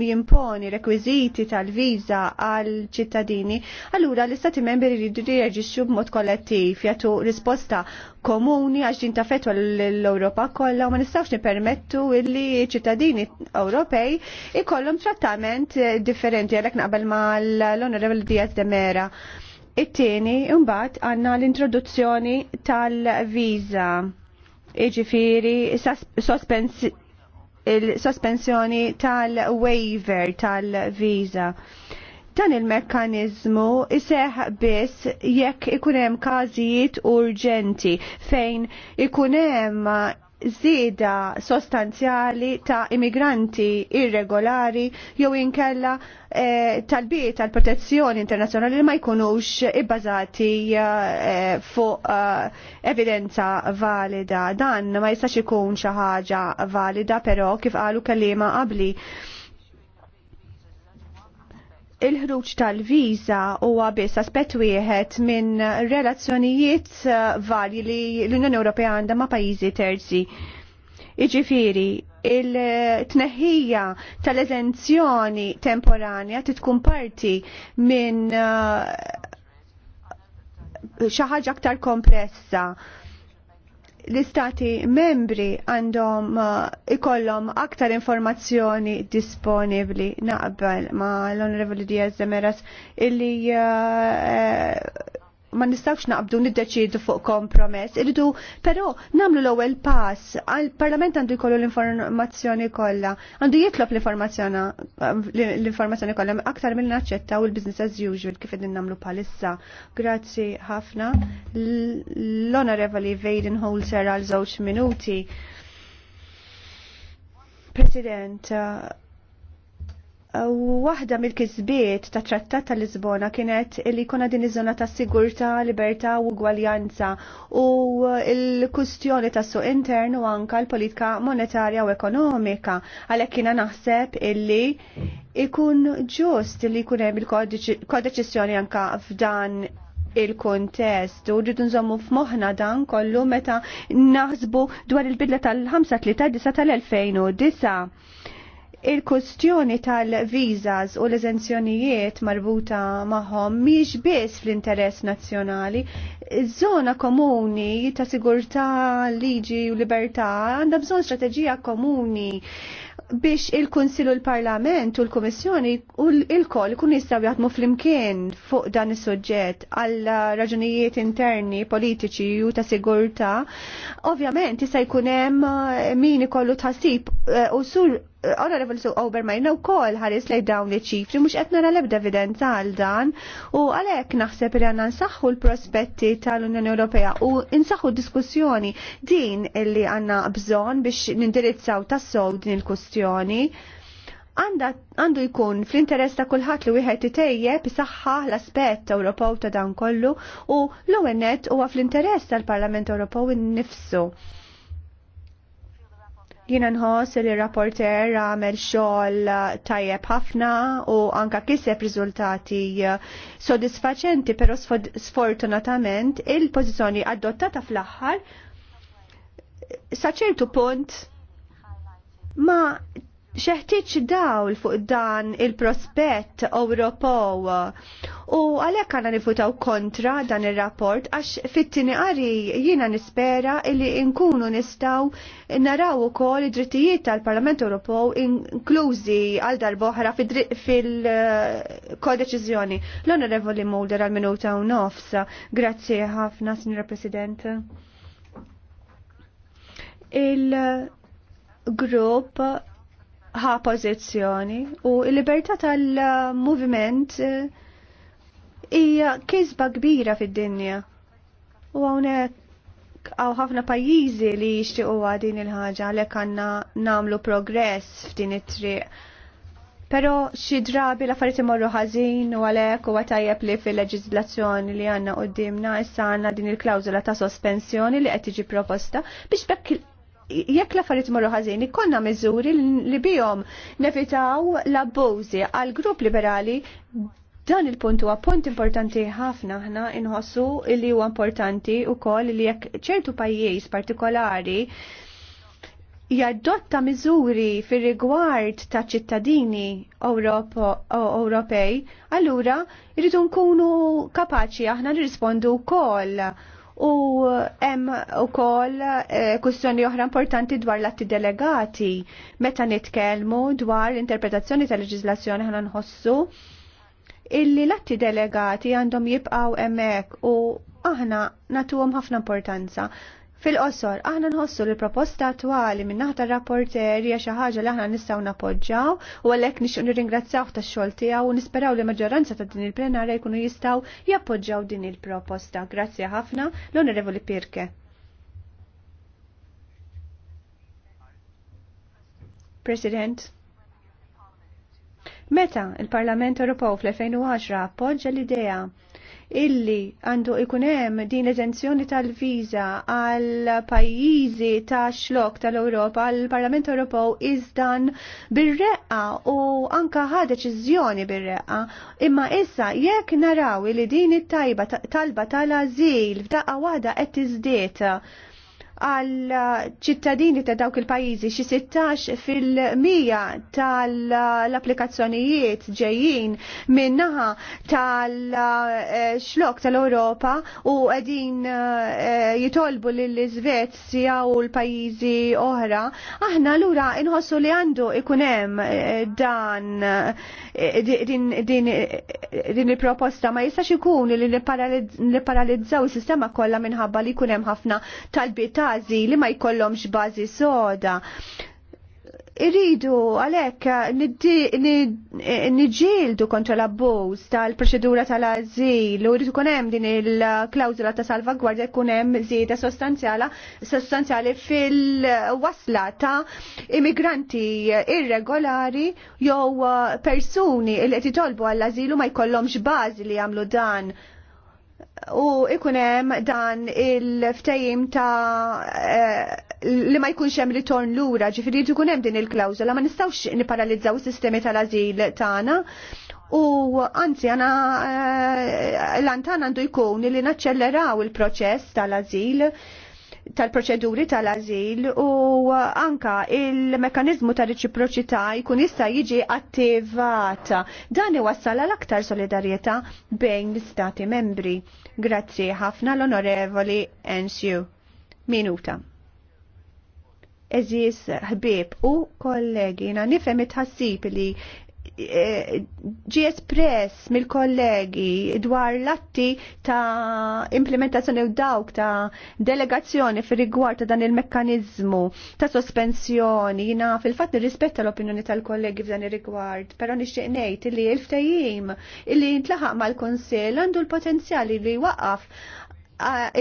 jimponi rekwiziti tal-viza għal ċittadini, allura l-istati membri jridu jirreġixxu b'mod kollettiv jagħtu risposta komuni għax din tafetwa l-Ewropa kollha u ma nistgħux nipermettu illi ċittadini Ewropej ikollhom trattament differenti għalhekk naqbel mal l-Onorevoli Diaz de Mera It-tieni imbagħad għandna l-introduzzjoni tal-viża. Iġifieri il-sospensjoni tal-waiver tal-viża. Dan il-mekkanizmu iseħ biss jekk ikun hemm każijiet urġenti fejn ikun hemm żieda sostanzjali ta' immigranti irregolari jew inkella eh, talbiet tal protezzjoni internazzjonali li ma jkunux ibbażati eh, fuq eh, evidenza valida. Dan ma jistax ikun xi ħaġa valida però kif qalu kelliema qabli il-ħruġ tal-viża huwa biss aspett wieħed minn relazzjonijiet eh, varji li l-Unjoni Ewropea għandha ma' pajjiżi terzi. Iġifieri, il-tneħħija tal-eżenzjoni temporanja titkun parti minn eh, xi ħaġa aktar komplessa l-istati membri għandhom eh, ikollhom aktar informazzjoni disponibli naqbel ma l-Onorevoli Diaz Zemeras illi eh, eh, ma nistawx naqbdu niddeċidu fuq kompromess, irridu però namlu l-ewwel pass. Il-Parlament għandu jkollu l-informazzjoni kollha, għandu jitlob l-informazzjoni kollha aktar mill naċċettaw il-business as usual kif qegħdin nagħmlu bħalissa. Grazzi ħafna. L-Honorevoli Vaden Holzer għal żewġ minuti. President, Waħda mill-kisbiet ta' trattat ta' Lisbona kienet li kuna din iż-żona ta' sigurta, libertà u gwaljanza u l-kustjoni ta' suq u anka l-politika monetarja u ekonomika. Għalhekk kiena naħseb illi ikun ġust li jkun hemm il-kodeċizzjoni anka f'dan il-kontest u rridu nżommu f'moħħna dan kollu meta naħsbu dwar il-bidla tal-5 tal-2009 il-kustjoni tal-vizas u l-eżenzjonijiet marbuta maħom miex biss fl-interess nazzjonali Iż-żona komuni ta' sigurtà, liġi u libertà għandha bżonn strateġija komuni biex il-Kunsil u l-Parlament u l-Komissjoni u l-kol kun jistaw jaħdmu fl-imkien fuq dan is suġġett għal raġunijiet interni, politiċi u ta' sigurta. Ovvjament, jista' hemm eh, min ikollu tħassib eh, u sur Su revolsu Obermajna u kol ħaris lej dawn li ċifri, mux etna nara lebda evidenza għal dan, u għalek naħseb li għanna nsaxħu l-prospetti tal-Unjoni Ewropea u insaħu diskussjoni din li għanna bżon biex nindirizzaw tassow din il-kustjoni għandu jkun fl-interess ta' kulħadd li wieħed itejjeb isaħħa l-aspett Ewropew ta' dan kollu u l-ewwel huwa fl-interess tal-Parlament Ewropew innifsu jina nħoss li rapporter għamel xogħol tajjeb ħafna u anka kiseb riżultati eh, sodisfaċenti, però sfortunatament il-pożizzjoni adottata fl-aħħar saċertu punt ma xeħtieġ dawl fuq dan il-prospett Ewropew u għalhekk għandna nifutaw kontra dan ir-rapport għax fit-tieni qari jiena nispera li nkunu nistgħu naraw ukoll id-drittijiet tal-Parlament Ewropew inklużi għal darb'oħra fil-kodeċiżjoni. L-Onorevoli Mulder għal minuta u nofs. Grazzi ħafna, Sinjora President. Il-grupp ħa pozizjoni u l-libertà tal-moviment eh, hija kisba kbira fid-dinja. U hawnhekk għaw ħafna pajjiżi li jixtiequ din il-ħaġa għalhekk għandna nagħmlu progress f'din it-triq. Però xi drabi l-affarijiet imorru ħażin u għalhekk huwa tajjeb li fil-leġiżlazzjoni li għandna qudiemna issa għandna din il-klawżola ta' sospensjoni li qed tiġi proposta biex bekk jekk l-affarijiet morru ħażin, ikonna miżuri li bijom nevitaw l-abbużi għal grupp liberali dan il-punt huwa punt importanti ħafna ħna inħossu li huwa importanti wkoll li jekk ċertu pajjiż partikolari jaddotta miżuri fir rigward ta' ċittadini Ewropej, allura irridu nkunu kapaċi aħna nirrispondu wkoll u hemm ukoll eh, kwistjoni oħra importanti dwar l-atti delegati meta nitkellmu dwar l interpretazzjoni tal-leġiżlazzjoni ħana nħossu illi l-atti delegati għandhom jibqaw hemmhekk u aħna natuhom ħafna importanza. Fil-qosor, aħna nħossu li proposta attuali minn naħta rapporteri hija xi ħaġa li aħna nistgħu napoġġaw u għalhekk nixtieq nirringrazzjaw tax-xogħol tiegħu u nisperaw li maġġoranza ta' din il-plenarja jkunu jistgħu jappoġġaw din il-proposta. Grazzi ħafna l-Onorevoli Pirke. President, meta il-Parlament Ewropew fl-2010 appoġġa l-idea illi għandu ikunem din eżenzjoni tal-viza għal pajjiżi ta' xlok tal-Europa għal Parlament Ewropew iżdan bir-reqqa u anka ħad deċiżjoni bir-reqqa. Imma issa jekk naraw li din it-tajba talba tal-azil f'daqqa waħda qed tiżdied għal ċittadini ta' dawk il-pajjiżi xi 16 fil-mija tal-applikazzjonijiet ġejjin minnaħa tal-xlok tal-Ewropa u qegħdin eh, jitolbu lill-Iżvezja u l-pajjiżi oħra, aħna l-ura inħossu li għandu ikun hemm eh, dan din il-proposta ma jistax ikun li nipparalizzaw is-sistema kollha minħabba li jkun hemm ħafna talbiet ta' li ma jkollhomx bażi soda. Iridu għalek niġildu kontra l-abbuż tal-proċedura tal-azil u jrid kunem hemm din il klawzula ta' salvagwardja jkun hemm żieda sostanzjala sostanzjali fil-wasla ta' immigranti irregolari jew persuni li qed jitolbu għall-azilu ma jkollhomx bażi li jagħmlu dan u ikunem dan il-ftajim ta' eh, li ma jkunx hemm ritorn lura, ġifieri jkun hemm din il-klawżola, ma nistgħux niparalizzaw is-sistemi tal-ażil tagħna. U anzi għana eh, l-antan għandu jkun li naċċelleraw il-proċess tal-azil tal-proċeduri tal-azil u anka il-mekanizmu ta' reċiproċità jkun jista' jiġi attivata. Dan iwassal għal aktar solidarjetà bejn l-istati membri. Grazzi ħafna l-onorevoli Ensju. Minuta. Eżis ħbib u kollegi, na nifhem it-ħassib li ġi espress mill-kollegi dwar l-atti ta' implementazzjoni u dawk ta' delegazzjoni fir rigward ta' dan il-mekkanizmu ta' sospensjoni jina fil-fat nirrispetta l-opinjoni tal-kollegi f'dan ir-rigward, però nixtieq ngħid li l-ftehim illi jintlaħaq mal-Kunsill għandu l-potenzjali li waqaf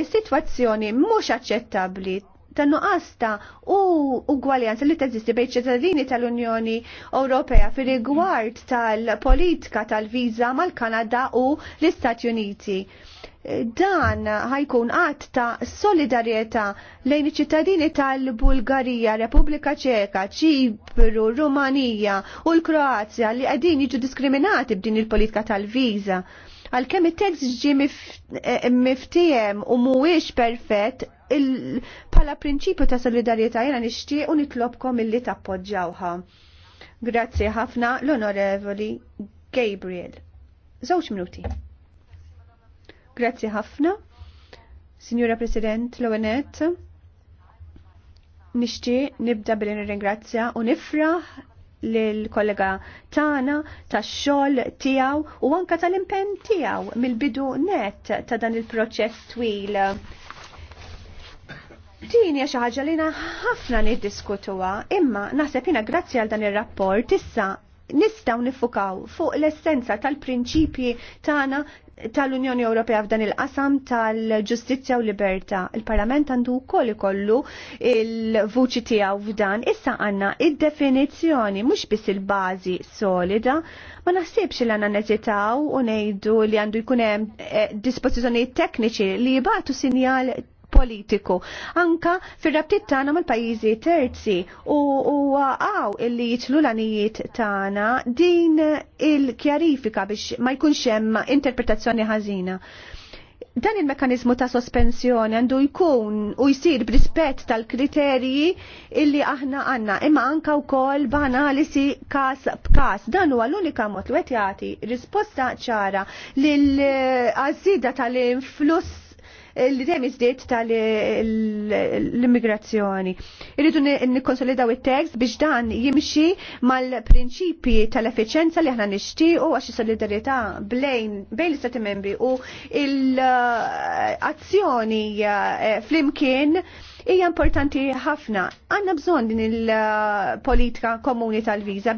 is-sitwazzjoni mhux aċċettabbli ta' nuqasta u ugwaljanza li teżisti bejn ċittadini tal-Unjoni Ewropea fir rigward tal-politika tal-viża mal-Kanada u l-Istati Uniti. Dan ħajkun qatt ta' solidarjetà lejn iċ-ċittadini tal-Bulgarija, Repubblika Ċeka, Ċipru, Rumanija u l-Kroazja li qegħdin jiġu diskriminati b'din il-politika tal-viża. Għalkemm it-tekst ġi eh, eh, miftijem u mhuwiex perfett pala prinċipju ta' solidarjetà jiena nixtieq u nitlobkom illi tappoġġawha. Grazzi ħafna l-Onorevoli Gabriel. Żewġ minuti. Grazzi ħafna. Signora President Lowenet, nixtieq nibda billi nirringrazzja u nifraħ l-kollega tana tax-xogħol tiegħu u anka tal-impenn tiegħu mill-bidu net ta' dan il-proċess twil. Din hija xi ħaġa li ħafna niddiskutuha, imma naħseb jiena grazzi għal dan ir-rapport issa nistgħu nifukaw fuq l-essenza tal-prinċipji tagħna tal-Unjoni Ewropea f'dan il-qasam tal-ġustizzja u liberta. Il-Parlament għandu wkoll ikollu il-vuċi tiegħu f'dan. Issa għandna id-definizzjoni mhux biss il-bażi solida, ma naħsibx li għandna neżitaw u ngħidu li għandu jkun hemm eh, dispożizzjonijiet tekniċi li jibgħatu sinjal politiku. Anka fir-rabtiet tagħna mal-pajjiżi terzi u huwa għaw illi jitlu l-anijiet tagħna din il-kjarifika biex ma jkunx hemm interpretazzjoni ħażina dan il-mekanizmu ta' sospensjoni għandu jkun u jisir b'rispett tal-kriterji illi aħna għanna imma anka wkoll b'analisi kas b'kas. Dan huwa l-unika mod li qed jagħti risposta ċara lil għażida tal-influss li dejjem iżdiet tal-immigrazzjoni. Irridu nikkonsolidaw it-tekst biex dan jimxi mal-prinċipji tal-effiċenza li aħna u għax solidarjetà bejn l-Istati membri u l-azzjoni eh, eh, flimkien hija importanti ħafna. Għandna bżonn din il-politika komuni tal-viża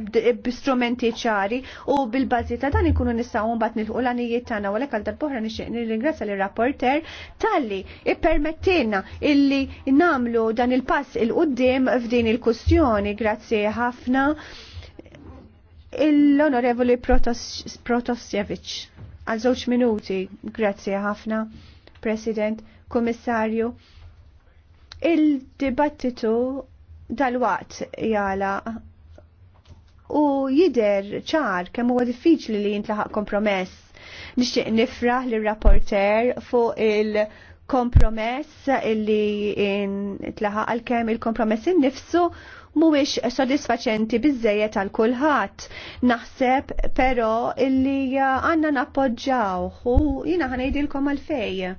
strumenti ċari u bil-bażi ta' dan ikunu bat nil nilħu l-għanijiet tagħna u l għal darb'oħra nixtieq ingressa l rapporter talli ippermettilna illi namlu dan il-pass il-qudiem f'din il-kustjoni. Grazzi ħafna l-Onorevoli Protasjevic. Għal żewġ minuti, grazzi ħafna, President, Komissarju. Il-dibattitu dal-waqt jala u jider ċar kemm huwa diffiċli li jintlaħaq kompromess. Nixtieq nifraħ lir rapporter fuq il- kompromess illi tlaħaq għal-kem il-kompromess innifsu mhuwiex sodisfaċenti biżejjed għal kulħadd. Naħseb però illi għandna nappoġġaw u jiena ħanejdilkom għalfej.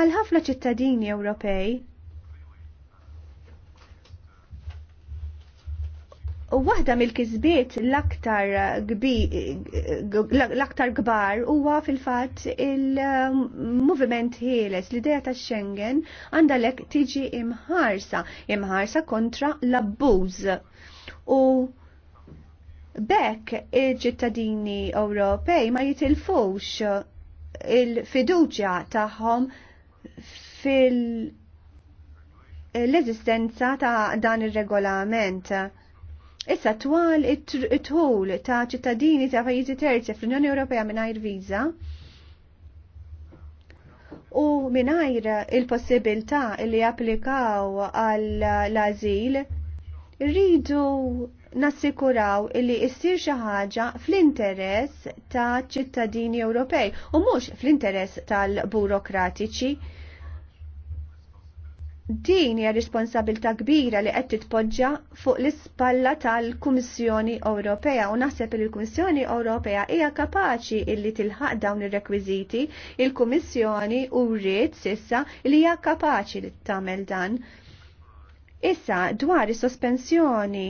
Għal ħafna ċittadini Ewropej, u waħda mill-kisbiet l-aktar l-aktar gbar huwa fil-fatt il-moviment ħieles l-idea ta' Schengen lek tiġi imħarsa, imħarsa kontra l-abbuż. U bekk il-ċittadini Ewropej ma jitilfux il-fiduċja tagħhom fil- l-eżistenza ta' dan ir-regolament. Issa twal it-tħul ta' ċittadini ta' pajjiżi terzi fl-Unjoni Ewropea mingħajr viża u mingħajr il-possibilità li japplikaw għall-azil rridu nassikuraw illi issir xi ħaġa fl-interess ta' ċittadini Ewropej u mhux fl-interess tal-burokratiċi. Din hija responsabilità kbira li qed titpoġġa fuq l-ispalla tal-Kummissjoni Ewropea u naħseb li l-Kummissjoni Ewropea hija kapaċi illi tilħaq dawn ir-rekwiżiti, il-Kummissjoni u rrid sissa li hija kapaċi li tagħmel dan. Issa dwar is-sospensjoni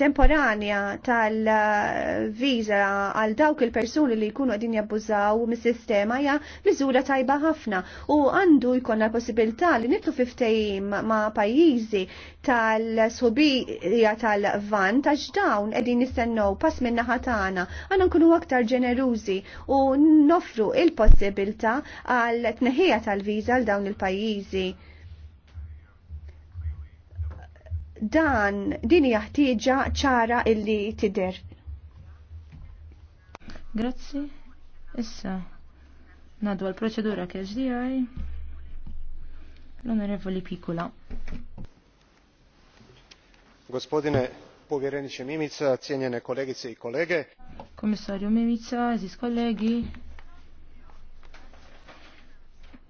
temporanja tal-viza għal dawk il-persuni li jkunu għadin jabbużaw mis-sistema hija miżura tajba ħafna u għandu jkun l-possibilità li nitlu fiftejim ma' pajjiżi tal-sobija tal-van għax dawn qegħdin nistennew pass minna naħa tagħna għandna nkunu aktar ġenerużi u noffru il-possibilità għal tneħħija tal-viża għal dawn il-pajjiżi dan din hija ħtieġa ċara illi tidher. Grazzi. Issa nadu l proċedura di għaj, l-Onorevoli Pikula. Gospodine povjereniče Mimica, cijenjene kolegice i kolege. Komisarju Mimica, aziz kolegi.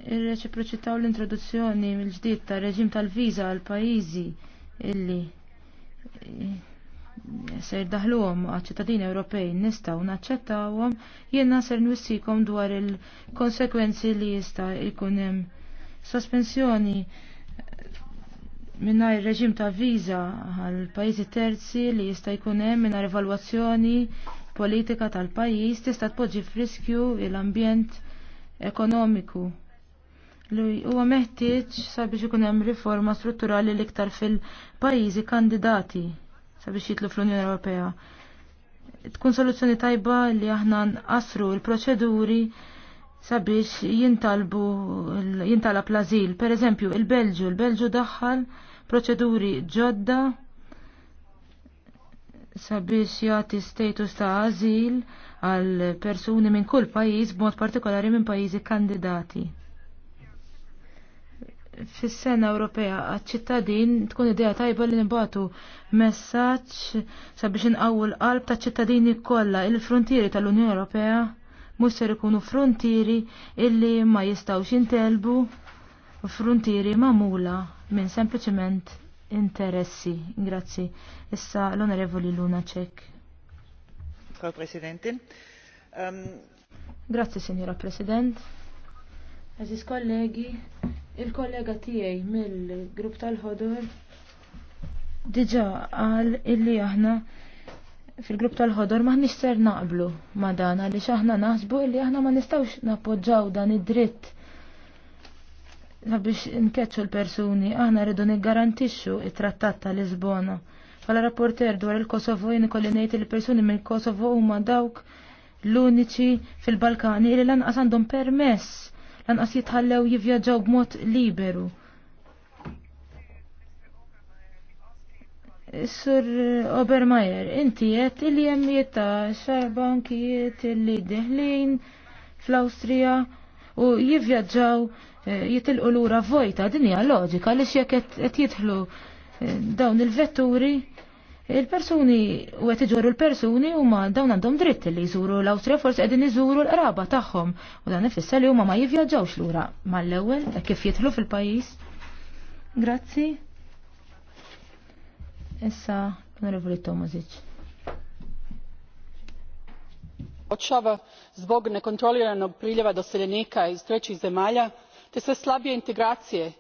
Ir-reċiproċitaw l-introduzzjoni mil ġdid ta' reġim tal-viza għal pajizi illi eh, ser daħluhom għal-ċittadini Ewropej nistgħu naċċettawhom, jenna ser nwissikom dwar il-konsekwenzi li jista' jkun hemm sospensjoni il reġim ta' viża għal pajjiżi terzi li jista' jkun hemm mingħajr evalwazzjoni politika tal-pajjiż tista' tpoġġi f'riskju l-ambjent ekonomiku Huwa meħtieġ sabiex ikun hemm riforma strutturali l-iktar fil-pajjiżi kandidati sabiex jitlu fl-Unjoni Ewropea. Tkun soluzzjoni tajba li aħna nqasru l-proċeduri sabiex jintalbu jintalab l-azil. Per eżempju, il-Belġu, il-Belġu daħħal proċeduri ġodda sabiex jagħti status ta' azil għal persuni minn kull pajjiż b'mod partikolari minn pajjiżi kandidati fis-sena Ewropea għat ċittadin tkun idea tajba li nibatu messaġġ sabiex inqaw l-qalb taċ-ċittadini kollha il-frontieri tal-Unjoni Ewropea mhux ser ikunu frontieri illi ma jistgħux intelbu frontieri magħmula minn sempliċement interessi. Grazzi. Issa l-Onorevoli Luna Ċek. Frau Presidentin. Um... Ähm, Grazzi, Signora President. Aziz kollegi, Il-kollega tiegħi mill-grupp tal-ħodor diġà qal illi aħna fil-grupp tal-ħodor ma ser naqblu ma dan għaliex aħna naħsbu illi aħna ma nistgħux nappoġġaw dan id-dritt biex nkeċċu l-persuni, aħna rridu niggarantixxu it-trattat tal Lisbona. Bħala rapporter dwar il-Kosovo jien ikolli ngħid il-persuni mill Kosovo huma dawk l-uniċi fil-Balkani li lanqas għandhom permess lanqas jitħallew jivvjaġġaw b'mod liberu. Sur Obermeyer, inti qed illi hemm ta' xarbankijiet illi deħlin fl-Awstrija u jivvjaġġaw eh, jitilqu lura vojta din hija loġika għaliex jekk qed jidħlu dawn il-vetturi Il-persuni u għet iġorru l-persuni u ma dawn għandhom dritt li jżuru l austria forse għedin iżuru l-qraba taħħom u dan ifisser li huma ma l jivvjaġġawx lura mal-ewwel kif jitlu fil pajis Grazzi. Issa l-Onorevoli Tomazic. Očava zbog nekontroliranog priljeva doseljenika iz trećih zemalja te sve slabije integracije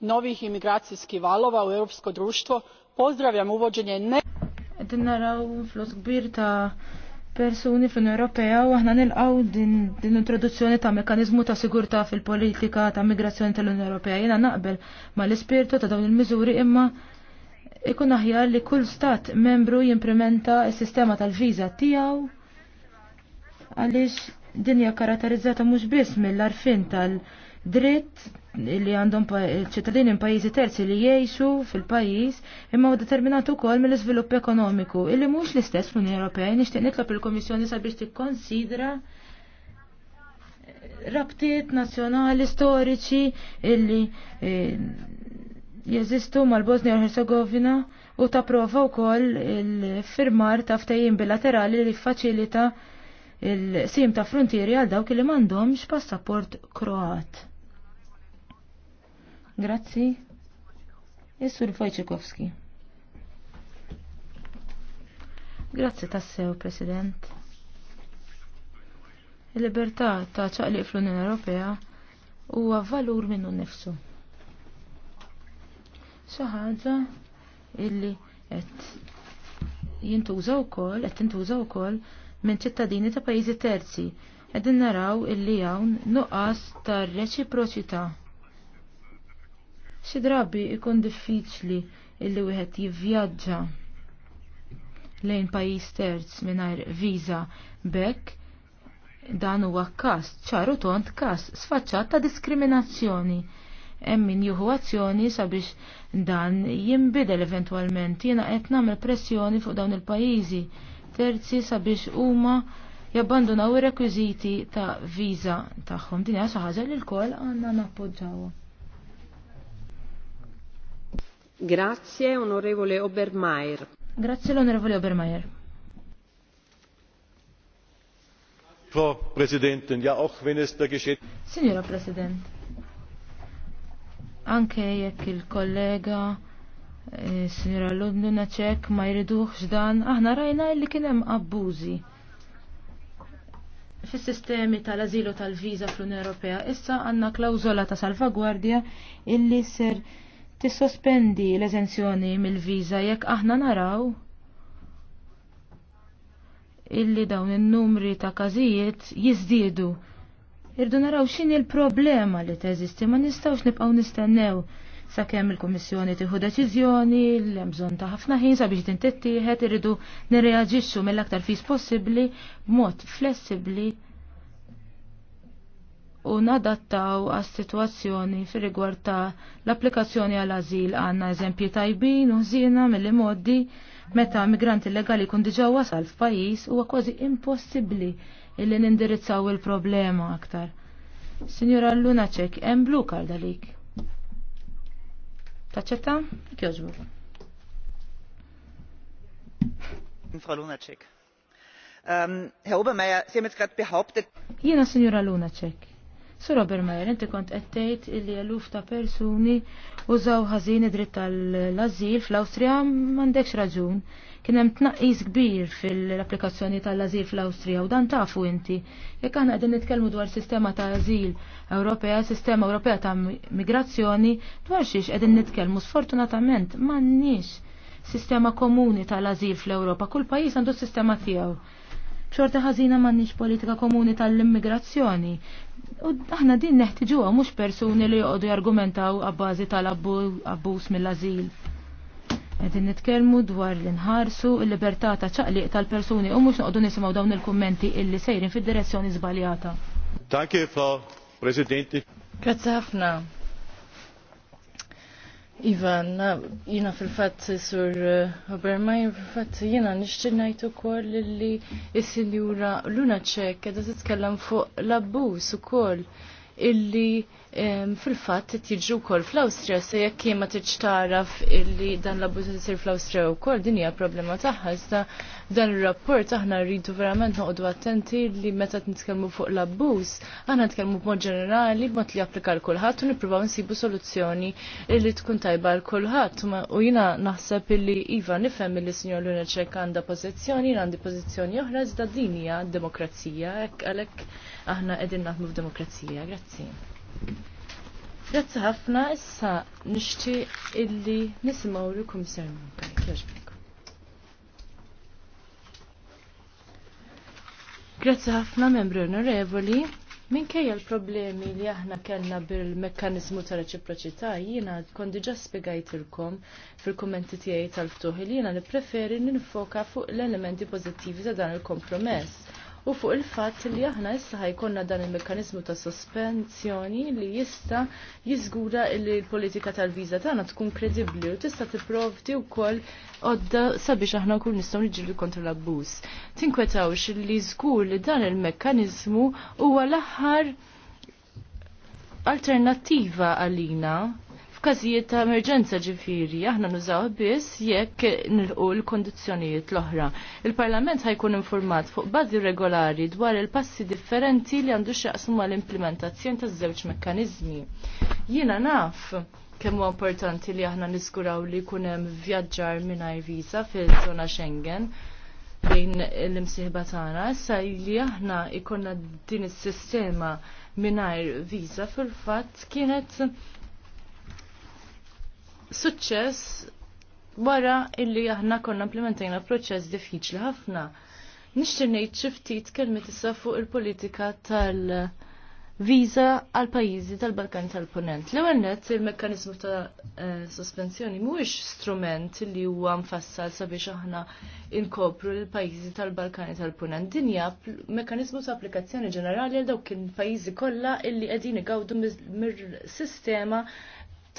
novih imigracijskih valova u europsko društvo Pozdravjam uvođenje ne... Din naraw flus kbir ta' persuni fl-Unjoni Ewropea u aħna nilqgħu din l-introduzzjoni ta' mekanizmu ta' sigurtà fil-politika ta' migrazzjoni tal-Unjoni Ewropea. Jena naqbel mal-ispirtu ta' dawn il-miżuri imma ikun aħjar li kull stat membru jimplementa s-sistema tal-viża tiegħu għaliex dinja karatterizzata mhux biss mill-arfin tal-dritt li għandhom ċittadini pajjiżi terzi li jgħixu fil-pajjiż imma u determinatu ukoll mill-iżvilupp ekonomiku illi mhux l-istess fl-Unjoni Ewropea nixtieq nitlob il-Kummissjoni sabiex tikkonsidra rabtiet nazzjonali storiċi illi eh, jeżistu mal-Bosnia u Herzegovina u ta' prova wkoll il-firmar ta' ftehim bilaterali li faċilita il-sim ta' frontieri għal dawk li m'għandhomx passaport Kroat. Grazzi. Is-Sur Wojciechowski. Grazzi tassew, President. Il-libertà ta' ċaqliq fl-Unjoni Ewropea huwa valur minnu nnifsu. Xi ħaġa illi qed jintuża wkoll, qed tintuża wkoll minn ċittadini ta' pajjiżi terzi. Qegħdin naraw illi hawn nuqqas tar-reċiproċità. Xi drabi ikun diffiċli illi wieħed jivvjaġġa lejn pajjiż terz mingħajr viża bekk dan huwa każ ċaru tont każ sfaċċat ta' diskriminazzjoni hemm min juhu azzjoni sabiex dan jinbidel eventwalment. Jiena qed nagħmel pressjoni fuq dawn il-pajjiżi terzi sabiex huma jabbandunaw ir-rekwiżiti ta' viża tagħhom. Din hija xi ħaġa li l-kol għandna nappoġġawha. Grazie, onorevole Obermeier. Grazie, l'onorevole Obermeier. Frau Präsidentin, auch wenn es der Geschäft... Signora President, anke jekk il-kollega e, Signora Lunduna ċek ma jriduħx dan, aħna rajna li kien hemm abbużi fis-sistemi tal-azilu tal-viza fl-Unjoni Ewropea. Issa għandna klawzola ta' salvagwardja illi ser tissospendi l-eżenzjoni mill-viża jekk aħna naraw illi dawn in-numri ta' każijiet jiżdiedu. Irdu naraw x'inhi l-problema li teżisti ma nistgħux nibqgħu nistennew sakemm il-Kummissjoni tieħu deċiżjoni li hemm bżonn ta' ħafna ħin sabiex tintittieħed irridu nirreaġixxu mill-aktar fis possibbli b'mod flessibbli u nadattaw għas situazzjoni fil rigward ta' l-applikazzjoni għal azil għanna eżempji tajbin u zina mill modi meta migranti illegali kun diġa wasal f'pajis huwa kważi impossibbli illi nindirizzaw il-problema aktar. Signora Lunacek, hemm blu kardalik. Taċċetta? Kjoġbu. Frau Lunacek. Um, Herr Obermeier, Sie haben jetzt gerade behauptet... Jena, Signora Lunacek Sur Robert Mayer, inti kont għettejt li eluf ta' persuni użaw ħażin dritt tal-azil fl-Awstrija m'għandekx raġun. Kien hemm tnaqqis kbir fil-applikazzjoni tal-azil fl-Awstrija u dan tafu inti. Jekk aħna qegħdin nitkellmu dwar sistema ta' azil Ewropea, sistema Ewropea ta' migrazzjoni, dwar xiex qegħdin nitkellmu sfortunatament m'għandniex sistema komuni tal-azil fl-Ewropa, kull pajjiż għandu s sistema tiegħu xorta ħażina m'għandniex politika komuni tal-immigrazzjoni. U aħna din neħtiġuha mhux persuni li joqogħdu jargumentaw għabbażi tal-abbuż mill azil Qegħdin nitkellmu dwar l-inħarsu l-libertà ta' ċaqliq tal-persuni u mhux noqogħdu nisimgħu dawn il-kummenti illi sejrin fid-direzzjoni żbaljata. Danke, Frau Presidenti. Grazie ħafna, Ivan, jina fil-fat sur jina uh, fil-fat jina nishtinajt u koll li il Luna ċek, edha titkellem fuq l-abbus u illi fil-fatt tiġu wkoll fl austria se jekk ma tiġ taraf illi dan l-abbuż isir fl-Awstrija wkoll din hija problema tagħha iżda dan ir-rapport aħna rridu verament noqogħdu attenti li meta t-nitkelmu fuq l-abbuż aħna nitkellmu b'mod ġenerali b'mod li applika l kulħadd u nippruvaw nsibu soluzzjoni illi tkun tajba l kulħadd u jiena naħseb illi iva nifhem illi sinjor Lunacek għandha pożizzjoni għandi pożizzjoni oħra iżda din hija demokrazija għalek għalhekk aħna qegħdin naħdmu f'demokrazija. Grazzi. Grazzi ħafna issa nixtieq illi nisimgħu lilkom sermon. Grazzi ħafna membri onorevoli. Minkejja l-problemi li aħna kellna bil-mekkanizmu ta' reċiproċità jiena kont diġà spjegajtilkom fil-kummenti tiegħi tal-ftuħ li jiena nippreferi ninfoka fuq l-elementi pożittivi ta' dan il-kompromess u fuq il-fatt li aħna issa ħajkonna dan il-mekkanizmu ta' sospensjoni li jista' jiżgura li l-politika tal viza tagħna tkun kredibbli u tista' tipprovdi wkoll għodda sabiex aħna nkun nistgħu niġġieldu kontra l-abbuż. Tinkwetawx li żgur li dan il-mekkaniżmu huwa l-aħħar alternattiva għalina f'każijiet ta' emerġenza ġifiri, aħna nużaw biss jekk nilqu l-kondizzjonijiet l-oħra. Il-Parlament ħajkun informat fuq bażi regolari dwar il-passi differenti li għandu x'jaqsmu l-implementazzjoni ta' żewġ mekkaniżmi. Jiena naf kemm huwa importanti li aħna niskuraw li jkun hemm vjaġġar mingħajr visa fil-żona Schengen bejn l-imsieħba tagħna, issa li aħna ikonna din is-sistema mingħajr visa fil-fatt kienet suċċess wara illi aħna konna implementajna proċess diffiċli ħafna. Nixtieq ngħid xi ftit kelmet issa fuq il-politika tal- viza għal pajjiżi tal-Balkan tal-Ponent. l għannet nett il mekkanizmu ta' eh, sospensjoni mhuwiex strument li huwa mfassal sabiex aħna inkopru l-pajjiżi tal-Balkani tal-Ponent. Dinja mekkanizmu ta' applikazzjoni ġenerali għal dawk il-pajjiżi kollha illi qegħdin igawdu mir-sistema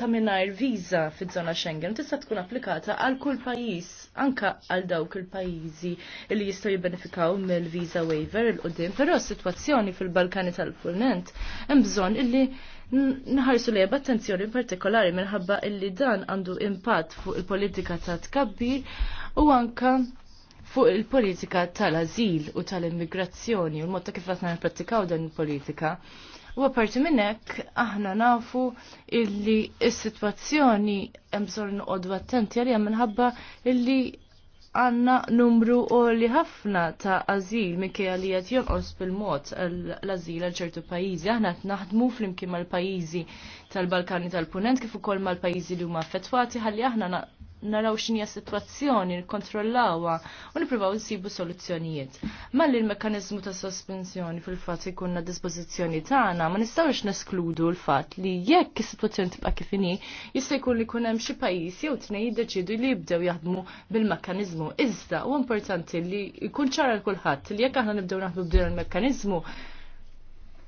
ta' mingħajr viza fiż zona Schengen tista' tkun applikata għal kull pajjiż, anka għal dawk il-pajjiżi li jistgħu jibbenefikaw mill-visa waiver il qudiem però s-sitwazzjoni fil-Balkani tal-Punent hemm bżonn illi nħarsu lejha b'attenzjoni partikolari minħabba illi dan għandu impatt fuq il-politika ta' tkabbir u anka fuq il-politika tal-azil u tal-immigrazzjoni u l-mod ta' kif qed nipprattikaw dan il-politika. il politika U apparti minnek, aħna nafu illi s-situazzjoni jemżor nqodu attenti għalija minħabba illi għanna numru li ħafna ta' azil mikke li għad jonqos bil-mod l-azil għal ċertu pajizi. Aħna naħdmu fl-imkien mal-pajizi tal-Balkani tal-Punent kif ukoll mal-pajizi li huma affettwati ħalli aħna naraw x'inja situazzjoni, nikkontrollawha u nippruvaw nsibu soluzzjonijiet. Malli l mekanizmu ta' sospensjoni fil-fatt ikun na dispożizzjoni tagħna, ma nistgħux neskludu l-fatt li jekk situazzjoni tibqa' kif inhi, jista' jkun li jkun hemm xi pajjiż jew tnej jiddeċidu li jibdew jaħdmu bil-mekkaniżmu. Iżda u importanti li jkun ċara l kulħadd li jekk aħna nibdew naħdmu b'din il-mekkaniżmu,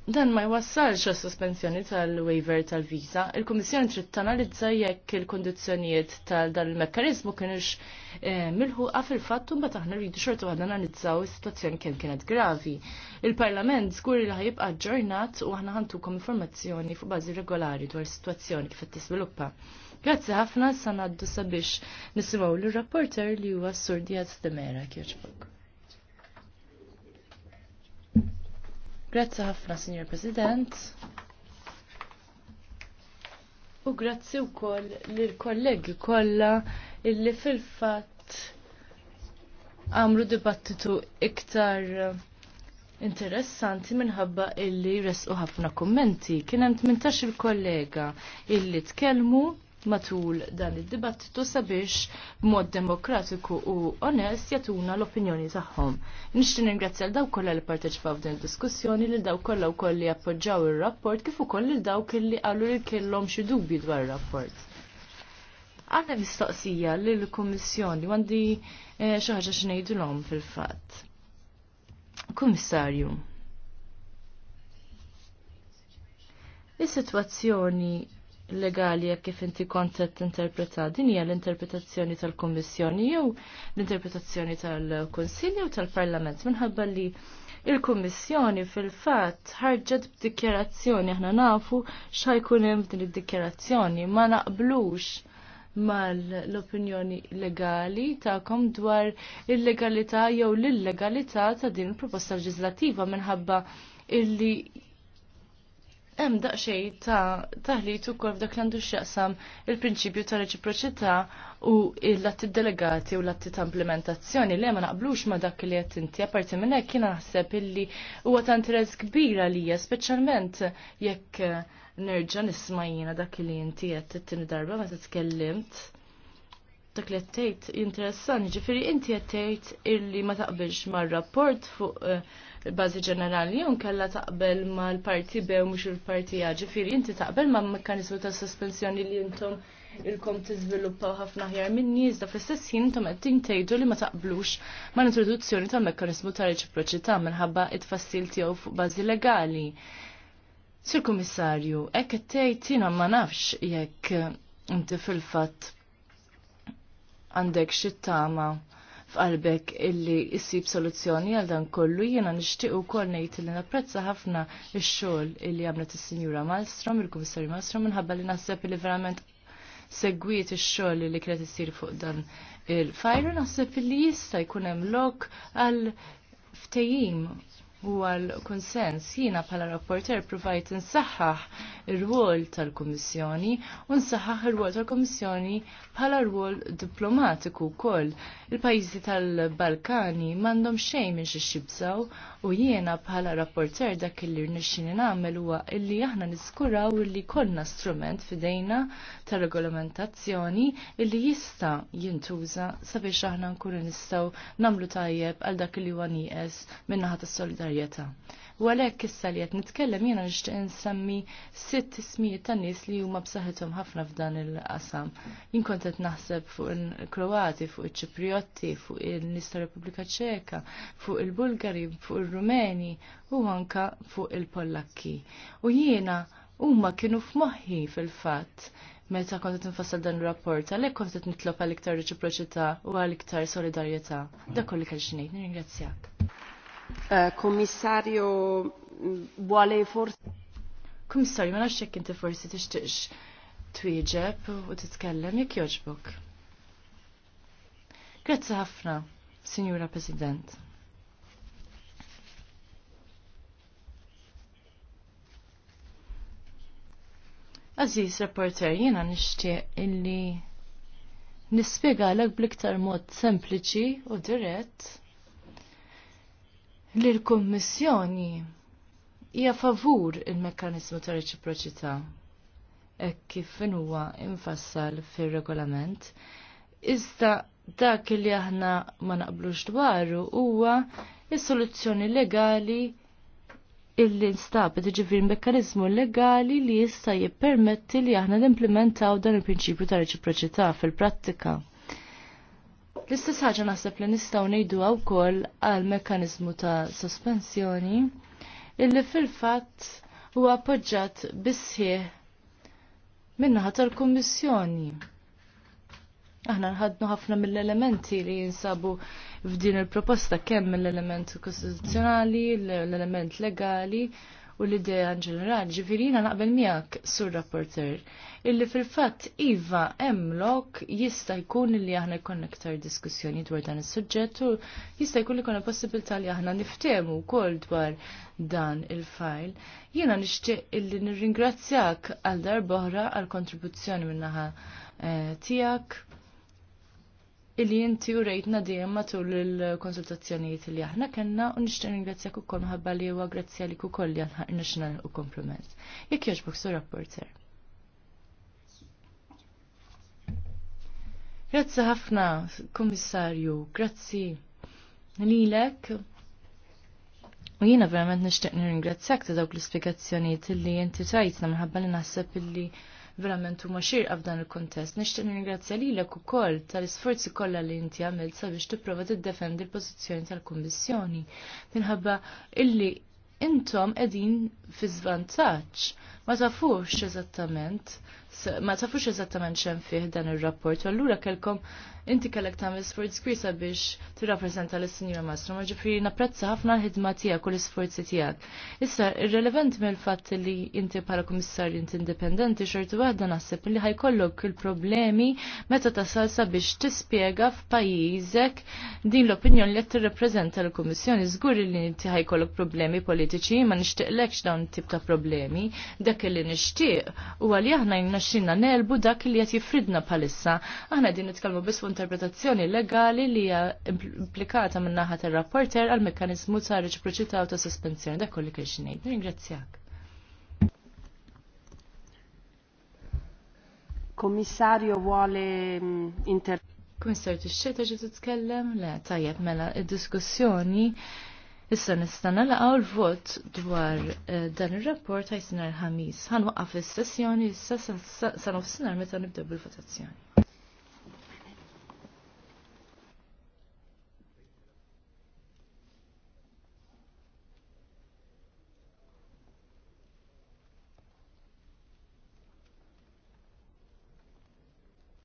Dan ma jwassalx għas sospensjoni tal-waiver tal-viza. Il-Komissjoni trid tanalizza jekk il-kondizzjonijiet tal-mekkanizmu kienux eh, milħuqa fil-fatt u mbagħad aħna rridu xorta waħda analizzaw is-sitwazzjoni kemm kienet gravi. Il-Parlament żgur li ħajibqa' ġġornat u aħna ħantukom informazzjoni fuq bażi regolari dwar is-sitwazzjoni kif qed tiżviluppa. Grazzi ħafna sa ngħaddu sabiex nisimgħu lir-rapporter li huwa Sur Diaz Demera kieġbok. Grazzi ħafna, Signor President. U grazzi u koll l-kollegi kolla illi fil-fat għamlu dibattitu iktar interessanti minħabba illi resqu ħafna kommenti. Kienem 18 il-kollega illi tkellmu matul dan id-dibattitu sabiex b'mod demokratiku u onest jatuna l-opinjoni tagħhom. Nixtieq ningrazzja l dawk kollha li parteċipaw f'din id-diskussjoni lil dawk kollha wkoll li appoġġjaw ir-rapport kif ukoll lil dawk li qalu li kellhom xi dubji dwar ir-rapport. Għandna mistoqsija lill kummissjoni għandi eh, xi ħaġa ngħidulhom fil-fatt. Kummissarju, Is-sitwazzjoni legali jekk kif inti kont qed interpreta din hija l-interpretazzjoni tal-Kummissjoni jew l-interpretazzjoni tal-Kunsilli jew tal-Parlament minħabba li il-Kummissjoni fil-fatt ħarġet b'dikjerazzjoni aħna nafu x'ħajkun hemm din id-dikjerazzjoni ma naqblux mal-opinjoni legali ta'kom dwar il-legalità jew l-illegalità ta' din il-proposta leġislativa minħabba illi hemm daqsxejn ta' taħlit ukoll f'dak li għandu x'jaqsam il-prinċipju ta' reċiproċità u l-atti delegati u l-atti ta' implementazzjoni li ma naqblux ma' dak li qed A apparti minn hekk naħseb illi huwa ta' rez kbira lija speċjalment jekk nerġa' nisma' dak li inti qed it-tieni darba meta tkellimt dak li għattejt interessanti, ġifiri inti għattejt illi ma taqbilx ma' rapport fuq eh, bazi ġenerali, jom kalla taqbel ma' l-parti bew mux il-parti għa, ġifiri inti taqbel ma' mekanizmu ta' sospensjoni li jintom il-kom tizviluppaw ħafna ħjar minn jizda, fl-istess jien jintom għattin tejdu li ma taqblux ma' introduzzjoni tal mekanizmu ta' reċiproċità minħabba it-fassil tiegħu fuq bazi legali. Sir Kummissarju, ekk tejt jina ma nafx jekk inti fil-fatt għandek xittama f'qalbek illi issib soluzzjoni għal dan kollu jiena nixtieq ukoll ngħid li napprezza ħafna x-xogħol illi għamlet is-Sinjura Malstrom, il-Kummissarju Malstrom, minħabba li naħseb li verament segwiet ix-xogħol li kienet issir fuq dan il-fajru naħseb li jista' jkun hemm lok għal ftejim u għal konsens jiena bħala rapporter provajt nsaħħaħ ir-rwol tal-Kummissjoni u nsaħħaħ ir-rwol tal komissjoni bħala rwol diplomatiku wkoll. Il-pajjiżi tal-Balkani m'għandhom xejn minn xi xibżaw U jiena bħala rapporter dak li rnexxini nagħmel huwa illi aħna niskuraw illi konna strument f'idejna ta' regolamentazzjoni illi jista' jintuża sabiex aħna nkunu nistgħu nagħmlu tajjeb għal dak li huwa nieqes min-naħa tas-solidarjetà. U għalhekk issa li nitkellem jiena nixtieq insemmi sitt ismijiet ta' nies li huma b'saħħithom ħafna f'dan il-qasam. Jien kont qed naħseb fuq il-Kroati, fuq iċ-Ċipriotti, fuq il-Nies Repubblika Ċeka, fuq il-Bulgari, fuq ir-Rumeni u anka fuq il-Pollakki. U jiena huma kienu f'moħħi fil-fatt meta kont qed infassal dan ir-rapport, għalhekk kont qed nitlob għal iktar reċiproċità u għal iktar solidarjetà. Dak kollu kellx ngħid, nirringrazzjak. Uh, eh, Komissarju mm, forsi. Komissarju, ma nafx jekk inti forsi tixtiex twieġeb u titkellem jekk jogħġbok. Grazzi ħafna, Sinjura President. Aziz reporter, jiena nixtieq illi nispjegalek l bliktar mod sempliċi u dirett li l-Kommissjoni hija favur il-mekkanizmu ta' reċiproċità hekk kif huwa infassal fir-regolament. Iżda dak li aħna ma naqblux dwaru huwa is-soluzzjoni legali illi nstab tiġifieri mekkanizmu legali li jista' jippermetti li aħna nimplementaw dan il-prinċipju ta' reċiproċità fil-prattika. L-istess ħaġa naħseb li nistgħu ngħidu wkoll għal mekkaniżmu ta' sospensjoni illi fil-fatt huwa appoġġjat bisħieħ minnaħa tal-Kummissjoni. Aħna nħadnu ħafna mill-elementi li jinsabu f'din il-proposta kemm mill elementi kostituzzjonali, l-element legali, u l-idea ġenerali ġifirina naqbel miegħek sur rapporter illi fil-fatt iva hemm lok jista' jkun li aħna jkollna iktar diskussjoni dwar dan is-suġġett u jista' jkun li jkollna possibilità li aħna niftehmu wkoll dwar dan il-fajl. Jiena nixtieq illi nirringrazzjak għal darbohra għal kontribuzzjoni minnaħa eh, tiegħek illi inti u rejtna dejjem matul il-konsultazzjonijiet li aħna kellna u nixtieq ringrazzjak ukoll minħabba li huwa grazzja li ukoll li aħna xnal u kompliment. Jekk jogħġbok su rapporter. Grazzi ħafna, Kummissarju, grazzi lilek. U jiena verament nixtieq nirringrazzjak ta' dawk l-ispjegazzjonijiet li inti tajtna minħabba li naħseb illi verament huma xirqa f'dan il-kuntest. Nixtieq nirringrazzja lilek ukoll tal-isforzi kollha li inti għamilt sabiex tipprova tiddefendi l-pożizzjoni tal-Kummissjoni minħabba illi intom qegħdin fi żvantaġġ ma tafux eżattament ma tafux eżattament xem fih dan il-rapport, u allura kelkom inti kellek tagħmel sforz biex t tirrappreżenta lis-Sinjura Mastro, ma ġifri napprezza ħafna l-ħidma tiegħek u l-isforzi tiegħek. Issa irrelevant mill-fatt li inti bħala kummissarju inti indipendenti xortu waħda naħseb li ħajkollok il-problemi meta ta' biex t tispjega f'pajjiżek din l-opinjoni li qed tirrappreżenta l-Kummissjoni Zgur li inti ħajkollok problemi politiċi ma nixtieqlekx dawn tip ta' problemi. Dak li nixtieq u għal aħna xinna nelbu dak li qed jifridna palissa. Aħna din nitkalmu biss fuq interpretazzjoni legali li hija implikata minn naħa tar-rapporter għal mekanizmu ta' reċproċita u ta' sospensjoni dak kolli kien xi ngħid. Ringrazzjak. Komissarju vuole mm, inter... Komissarju t-xċeta ġi tkellem Le, tajjeb, mela, id-diskussjoni Issa nistana laqaw l-vot dwar dan il-rapport għajsinar ħamis. Għan waqqa fil sessjoni issa sessjoni meta sessjoni bil-votazzjoni.